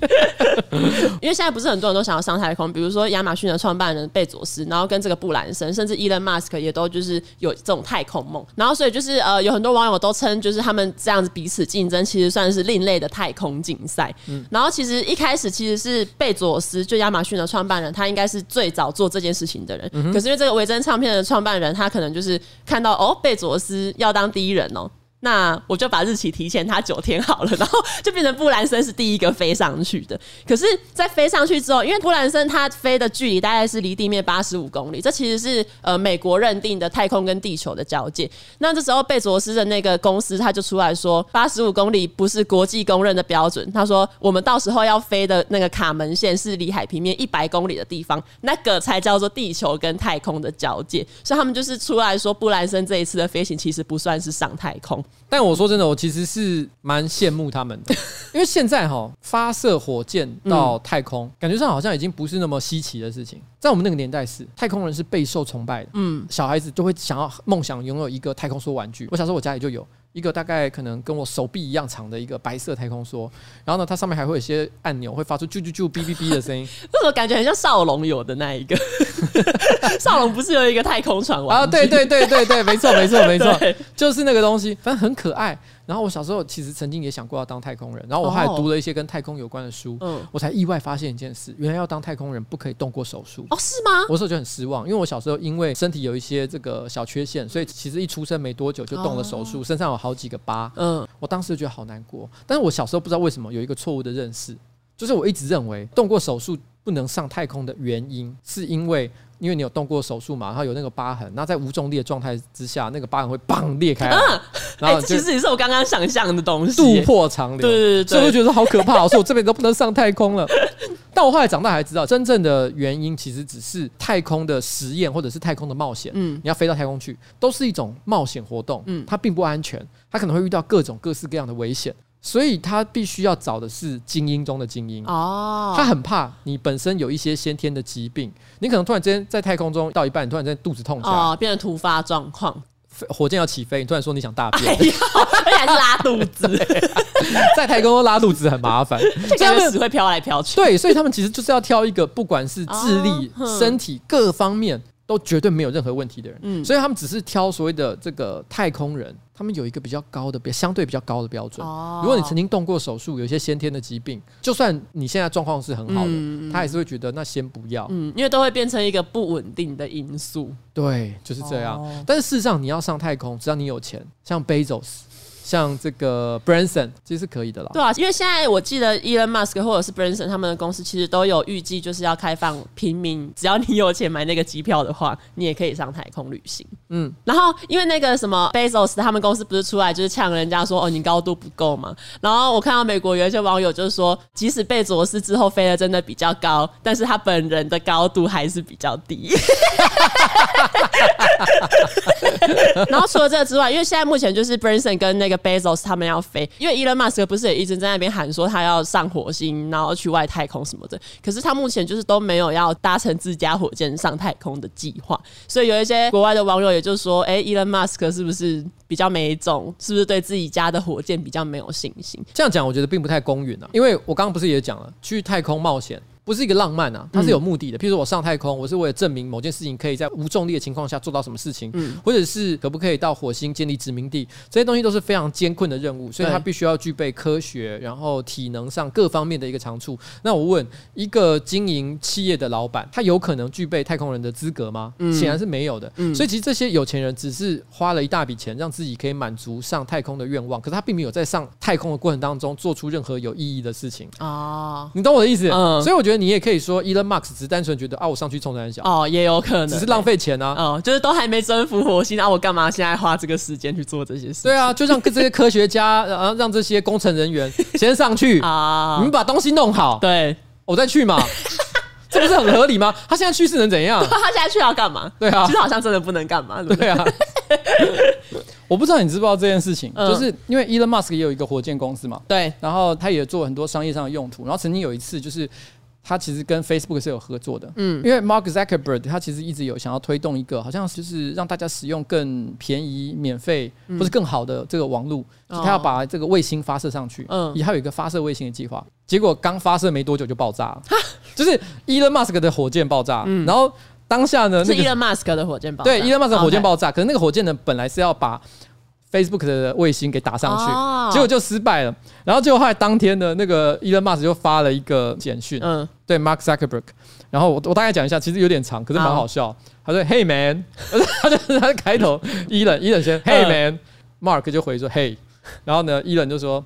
Speaker 2: 因為現在不是很多人都想要上太空，比如說亞馬遜的創辦人貝佐斯，然後跟這個布蘭森，甚至伊隆馬斯克，也都就是有這種太空夢。然後所以就是呃，有很多網友都稱，就是他們這樣子彼此競爭，其實算是另類的太空競賽。嗯。然後其實一開始其實是貝佐斯，就亞馬遜的創辦人，他應該是最早做這件事情的人。嗯。可是因為這個維珍唱片的創辦人，他可能就是看到哦，貝佐斯要當第一人哦。那我就把日期提前他九天好了，然後就變成布蘭森是第一個飛上去的。可是，在飛上去之後，因為布蘭森他飛的距離大概是離地面八十五公里，這其實是呃美國認定的太空跟地球的交界。那這時候貝佐斯的那個公司他就出來說，八十五公里不是國際公認的標準。他說，我們到時候要飛的那個卡門線是離海平面一百公里的地方，那個才叫做地球跟太空的交界。所以他們就是出來說，布蘭森這一次的飛行其實不算是上太空。
Speaker 1: 但我說真的，我其實是蠻羨慕他們的，因為現在哈、喔，發射火箭到太空，嗯，感覺上好像已經不是那麼稀奇的事情。在我們那個年代是，太空人是備受崇拜的，嗯，小孩子就會想要夢想擁有一個太空梭玩具。我小時候我家裡就有。一個大概可能跟我手臂一樣長的一個白色太空梭，然後呢，它上面還會有一些按鈕，會發出啾啾啾、嗶嗶嗶的聲音。
Speaker 2: 為 什麼感覺很像
Speaker 1: 少龍有的那一個？
Speaker 2: 少龍不是有一個太空船嗎？啊，對對對對對，沒錯沒錯沒錯
Speaker 1: 就是那個東西，反正很可愛。然後我小時候其實曾經也想過要當太空人，然後我還讀了一些跟太空有關的書、哦，我才意外發現一件事，原來要當太空人不可以動過手術。哦，是嗎？我那時候就很失望，因為我小時候因為身體有一些這個小缺陷，所以其實一出生沒多久就動了手術，哦、身上有好幾個疤。嗯、我當時就覺得好難過，但是我小時候不知道為什麼有一個錯誤的認識，就是我一直認為動過手術不能上太空的原因是因為。因為你有動過手術嘛，然後有那個疤痕，那在無重力的狀態之下，那個疤痕會繃裂開啊啊。然
Speaker 2: 後、欸、這其實也是我剛剛想象的東西，肚破
Speaker 1: 腸流。對對對，所以我覺得好可怕，我 說我這邊都不能上太空了。 但我後來長大才知道，真正的原因其實只是太空的實驗或者是太空的冒險。嗯，你要飛到太空去，都是一種冒險活動。嗯，它並不安全，它可能會遇到各種各式各樣的危險。所以他必須要找的是精英中的精英哦，他很怕你本身有一些先天的疾病，你可能突然之間在太空中到一半，突然間肚子痛哦，
Speaker 2: 變成突發狀況。
Speaker 1: 火箭要起飛，你突然說你想大便，還、哎、是拉肚子， 啊、在太空都拉肚子很麻煩，這樣子會飄
Speaker 2: 來飄去。對，所以
Speaker 1: 他們其實就是要挑一個，不管是智力、哦、身體各方面。都絕對沒有任何問題的人，嗯，所以他們只是挑所謂的這個太空人，他們有一個比較高的、比相對比較高的標準。哦，如果你曾經動過手術，有一些先天的疾病，就算你現在狀況是很好的，他還是會覺得那先不要，嗯，
Speaker 2: 因為都會變成一個不穩定的因素。
Speaker 1: 對，就是這樣。但是事實上，你要上太空，只要你有錢，像貝佐斯。像這個 Branson 其實是可以的啦，
Speaker 2: 對啊，因為現在我記得 Elon Musk 或者是 Branson 他們的公司其實都有預計，就是要開放平民，只要你有錢買那個機票的話，你也可以上太空旅行。嗯，然後因為那個什麼 b a z o s 他們公司不是出來就是嗆人家說哦，你高度不夠嘛，然後我看到美國有一些網友就是說，即使被佐 z 之後飛的真的比較高，但是他本人的高度還是比較低。 然後除了這個之外，因為現在目前就是 Branson 跟那個 Bezos 他們要飛，因為 Elon Musk 不是也一直在那邊喊說他要上火星，然後去外太空什麼的，可是他目前就是都沒有要搭乘自家火箭上太空的計劃，所以有一些國外的網友也就說，哎、欸、Elon Musk 是不是比較沒種，是不是對自己家的火箭比較沒有信心？
Speaker 1: 這樣講我覺得並不太公允啊，因為我剛剛不是也講了，去太空冒險。不是一個浪漫啊，它是有目的的，嗯。譬如說我上太空，我是為了證明某件事情可以在無重力的情況下做到什麼事情，嗯，或者是可不可以到火星建立殖民地，這些東西都是非常艱困的任務，所以他必須要具備科學，然後體能上各方面的一個長處。那我問一個經營企業的老板，他有可能具備太空人的資格嗎？嗯，顯然是沒有的，嗯。所以其實這些有錢人只是花了一大筆錢，讓自己可以滿足上太空的願望，可是他並沒有在上太空的過程當中做出任何有意義的事情啊。你懂我的意思？嗯，所以我覺得。你也可以說，伊隆馬斯克只是單純覺得啊，我上去衝得很小哦，
Speaker 2: 也有可能只是浪費錢呢。哦，就是都還沒征服火星啊，我幹嘛現在花這個時間去做這些事？對啊，就像這些科學家，然後讓這些工
Speaker 1: 程人員先上去啊，你們把東西弄好，對，我再去嘛，這不是很合理嗎？他現在去是能怎樣？
Speaker 2: 他現在去要幹嘛？對啊，其實好像真的不能幹嘛。對
Speaker 1: 啊，我不知道你知不知道這件事情，就是因為伊隆馬斯克也有一個火箭公司嘛，對，然後他也做很多商業上的用途，然後曾經有一次就是。他其實跟 Facebook 是有合作的，嗯，因為 Mark Zuckerberg 他其實一直有想要推動一個，好像就是讓大家使用更便宜、免費、嗯、或是更好的這個網絡，嗯、他要把這個衛星發射上去，嗯，也還有一個發射衛星的計劃。結果剛發射沒多久就爆炸了，就是 Elon Musk 的火箭爆炸、嗯。然後當下呢，那個 Elon
Speaker 2: Musk 的火箭爆炸，對 Elon Musk 火箭
Speaker 1: 爆炸，okay、可是那個火箭呢本來是要把。Facebook 的衛星給打上去，oh. 結果就失敗了。然後最後，後來當天的那個 Elon Musk 就發了一個簡訊，嗯，對，Mark Zuckerberg。然後我我大概講一下，其實有點長，可是蠻好笑好。他說：“Hey man。 ”他就他是開頭，Elon Elon 先：“Hey man、嗯。”Mark 就回說：“Hey。”然後呢，Elon 就說、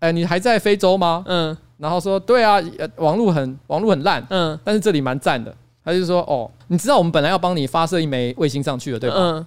Speaker 1: 欸：“你還在非洲嗎？”嗯，然後說：“對啊，網絡很網絡很爛，嗯，但是這裡蠻讚的。”他就說：“哦、oh,，你知道我們本來要幫你發射一枚衛星上去了，對吧？”嗯。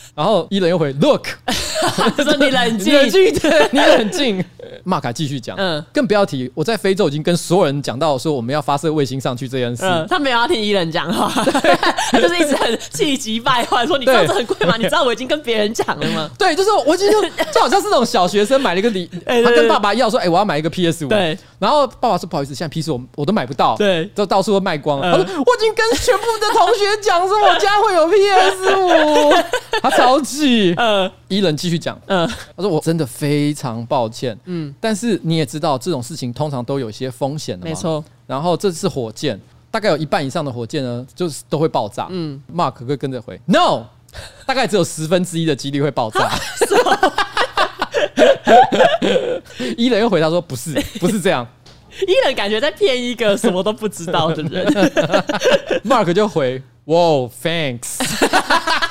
Speaker 1: 然後伊人又回，Look、啊、
Speaker 2: 你說你冷靜， 你冷
Speaker 1: 靜，馬卡繼續講，嗯，更不要提我在非洲已經跟所有人講到說我們要發射衛星上去這件事，嗯、
Speaker 2: 他沒有要聽伊人講話， 就是一直很氣急敗壞說，你知道很貴嗎？你知道我已經跟別人講了嗎？
Speaker 1: 對，就是我已經就就好像是那種小學生買了一個禮、欸，他跟爸爸要說，哎、欸，我要買一個 PS 五，然後爸爸說不好意思，現在 PS 我，我都買不到，對，就到處都賣光了，他說我已經跟全部的同學講，說我家會有 PS 五， 他。着急，嗯，Elon 繼續講，嗯，他說我真的非常抱歉，嗯，但是你也知道這種事情通常都有一些風險的，嘛。沒錯，然後這次火箭大概有一半以上的火箭呢，就是都會爆炸，嗯。Mark 會跟着回、嗯、No，大概只有十分之一的幾率會爆炸。Elon 又回答說，不是，不是這樣。
Speaker 2: Elon 人感覺在騙一個什麼都不知道的人。
Speaker 1: Mark 就回，哇、wow，Thanks。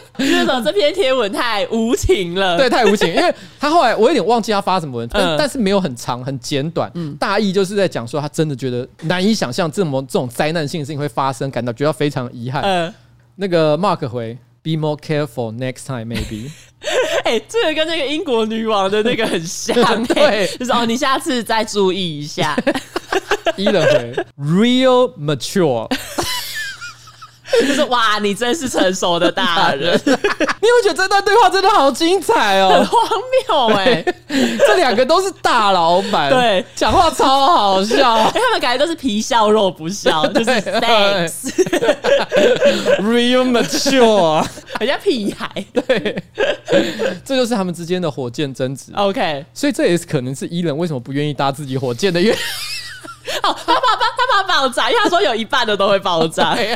Speaker 2: 就是說這篇貼文太無情了， 對，太無情。因
Speaker 1: 為他後來我有點忘記他發什麼文，但 但是沒有很長，很簡短，嗯、大意就是在講說他真的覺得難以想象這麼這種災難性的事情會發生，感到覺得非常遺憾、嗯。那個 Mark 回，Be more careful next time, maybe。 哎、
Speaker 2: 欸，這個跟那個英國女王的那個很像、欸，對， 就是 哦，你下次再注意一下。
Speaker 1: 伊 隆 回，Real mature。
Speaker 2: 就是哇，你真是成熟的大人！ 你有沒有覺得這段對話真的好精彩哦，很荒謬哎、欸！這兩個都是大老闆，對，講話超好笑。啊，因為他們感覺都是皮笑肉不笑，對對對，就是 thanks、
Speaker 1: 哎、 real mature，人
Speaker 2: 家屁孩，
Speaker 1: 對，這就是他們之間的火箭爭執。OK，所以這也是可能是 Elon 為什麼不願意搭自己火箭的原
Speaker 2: 因。哦，他怕爆，他怕爆炸，因為他說有一半的都會爆炸。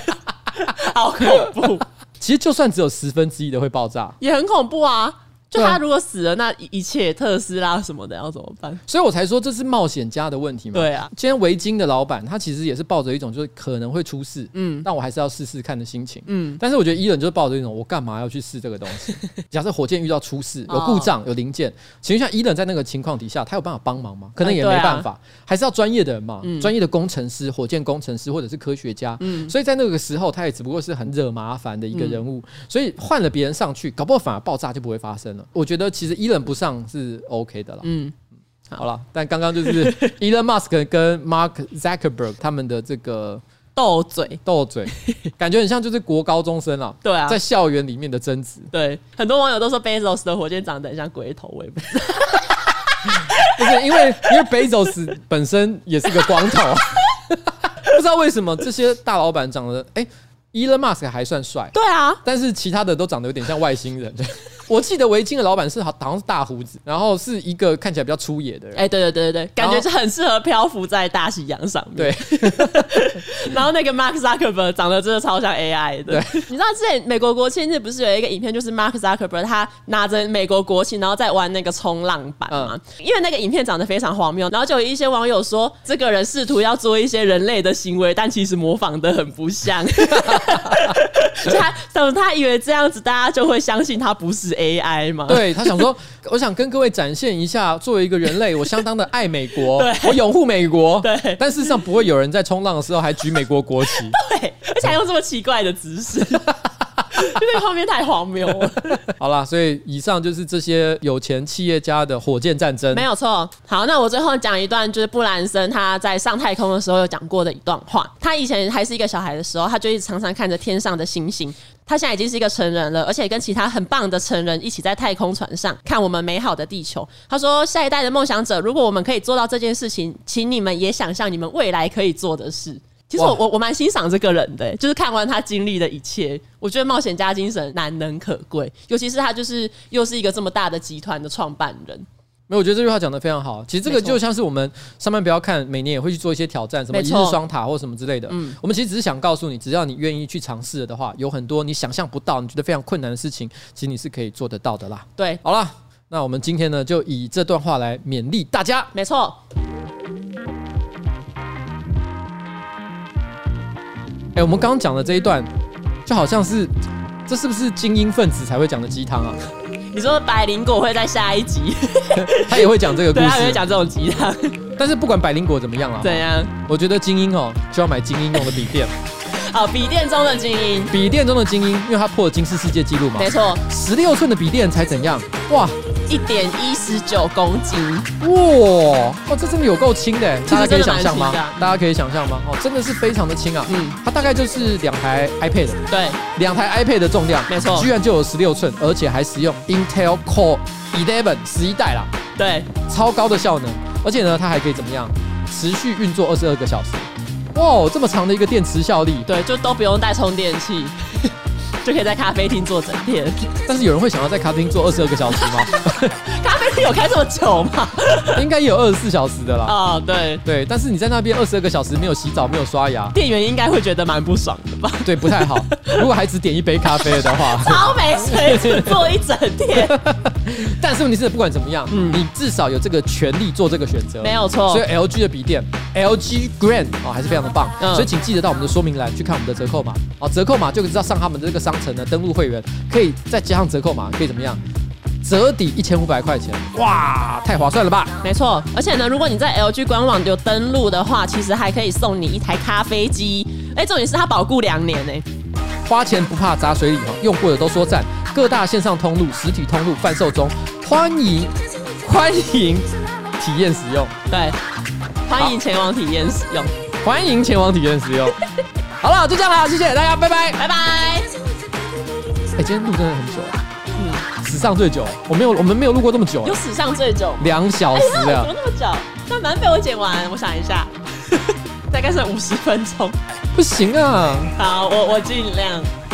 Speaker 2: 好
Speaker 1: 恐怖！ 其實就算只有十分之一的會爆炸，
Speaker 2: 也很恐怖啊。就他如果死了，那一切特斯拉什麼的要怎麼辦？
Speaker 1: 所以我才說這是冒險家的問題嘛。對啊，今天維京的老闆他其實也是抱着一種就是可能會出事，嗯，但我還是要試試看的心情。嗯，但是我覺得 Elon 就是抱着一種我幹嘛要去試這個東西？嗯、假設火箭遇到出事， 有故障，有零件，哦、其實像 Elon 在那個情況底下，他有辦法幫忙嗎？可能也沒辦法，欸啊、還是要專業的人嘛，專、嗯、業的工程師、火箭工程師或者是科學家。嗯，所以在那個時候，他也只不過是很惹麻煩的一個人物。嗯、所以換了別人上去，搞不好反而爆炸就不會發生了。我覺得其實 Elon 不上是 OK 的了。
Speaker 2: 嗯，
Speaker 1: 好了，但剛剛就是 Elon Musk 跟 Mark Zuckerberg 他們的這個鬥嘴，鬥嘴，感覺很像就是國高中生啊。對啊，在校園裡面的爭執。
Speaker 2: 對，很多網友都說 Bezos 的火箭長得很像鬼頭威，我也不
Speaker 1: 知道 不是因為因為 Bezos 本身也是個光頭，啊， 不知道為什麼這些大老闆長得，哎，欸，Elon Musk 還算帥，對啊，但是其他的都長得有點像外星人。我記得維京的老板是好，好像是大鬍子，然後是一個看起來比較粗野的人。
Speaker 2: 哎，對、欸、對對對對，感覺是很適合漂浮在大西洋上面。對， 然後那個 Mark Zuckerberg 長得真的超像 AI。對，你知道之前美國國慶日不是有一個影片，就是 Mark Zuckerberg 他拿着美國國旗，然後在玩那個衝浪板嗎？嗯、因為那個影片長得非常荒謬，然後就有一些網友說，這個人試圖要做一些人類的行為，但其實模仿得很不像。 他等他以為這樣子大家就會相信他不是？AI 嘛，對，他想說，我想跟
Speaker 1: 各位展現一下，作為一個人類，我相當的愛美國， 我擁護美國，對，但事實上不會有人在衝浪的時候還舉美國國旗， 對，
Speaker 2: 而且用這麼奇怪的姿勢，哦、 就在旁邊太荒謬。
Speaker 1: 好啦，所以以上就是這些有錢企業家的火箭戰爭， 沒有
Speaker 2: 錯。好，那我最後講一段，就是布蘭森他在上太空的時候有講過的一段話。他以前還是一個小孩的時候，他就一直常常看着天上的星星。他現在已經是一個成人了，而且跟其他很棒的成人一起在太空船上看我們美好的地球。他說：“下一代的夢想者，如果我們可以做到這件事情，請你們也想象你們未來可以做的事。”其實我我我蠻欣賞這個人的欸，就是看完他經歷的一切，我覺得冒險家精神難能可貴，尤其是他就是又是一個這麼大的集團的創辦人。
Speaker 1: 沒有，我覺得這句話講的非常好。其實這個就像是我們上班不要看，每年也會去做一些挑戰，什麼一日雙塔或什麼之類的。嗯，我們其實只是想告訴你，只要你願意去嘗試的話，有很多你想象不到、你覺得非常困難的事情，其實你是可以做得到的啦。對，好了，那我們今天呢，就以這段話來勉勵大家。沒錯。哎，我們剛剛講的這一段，就好像是，這是不是精英分子才會講的雞湯啊？
Speaker 2: 你說百靈果會在下一集，
Speaker 1: 他也會講這個故事，他也會講這種吉他。 但是不管百靈果怎麼樣啊，怎樣？我覺得精英哦，就要買精英用的筆電，
Speaker 2: 好，筆電中的精英，筆電中的精
Speaker 1: 英，因為他破了金氏世界紀錄嘛。沒錯，十六吋的筆電才怎樣？
Speaker 2: 哇！一點一十九公斤，
Speaker 1: 哇、哦，哦，這真的有夠輕的，大家可以想象嗎？大家可以想象嗎？哦，真的是非常的輕啊，嗯，嗯，它大概就是兩台 iPad，、嗯、對，兩台 iPad 的重量，沒錯，居然就有十六寸，而且還使用 Intel Core 11十一代啦，對，超高的效能，而且呢，它還可以怎麼樣？持續運作二十二個小時，
Speaker 2: 哇、哦，這麼長的一個電池效力，對，就都不用帶充電器。 就可以在咖啡廳坐整天，
Speaker 1: 但是有人會想要在咖啡廳坐二十二個小時嗎？ 咖啡廳有開這麼久嗎？ 應該也有二十四小時的啦。啊、哦，對對，但是你在那邊二十二個小時沒有洗澡、沒有刷牙，店員應該會覺得蠻不爽的吧？對，不太好。 如果還只點一杯咖啡的話，超沒水準，坐一整天。 但是問題是，不管怎麼樣、嗯，你至少有這個權利做這個選擇，沒有錯。所以 LG 的筆電 LG gram 哦，還是非常的棒、嗯。所以請記得到我們的說明欄去看我們的折扣碼啊、嗯，折扣碼就知道上他們的這個商。成的登錄會員可以再加上折扣碼，可以怎麼樣？折抵一千五百塊錢，哇，太划算了吧！
Speaker 2: 沒錯，而且呢，如果你在 LG 官網有登錄的話，其實還可以送你一台咖啡機。哎、欸，重點是它保固兩年呢、欸。花錢不怕
Speaker 1: 砸水裡，用過的都說讚。各大線上通路、實體通路販售中，歡迎歡迎體驗使用。對，
Speaker 2: 歡迎前往體驗使
Speaker 1: 用。歡迎前往體驗使用。 好了，就這樣了，謝謝大家，拜拜，拜拜。哎、欸，今天錄真的很久、啊，嗯，史上最久，我沒有，我們沒有錄過這麼久，有史
Speaker 2: 上最久，兩小時啊、哎，怎麼那麼久？但反正被我剪完，我想一下， 大概是五十分鐘，
Speaker 1: 不行啊，
Speaker 2: 好，我我盡量。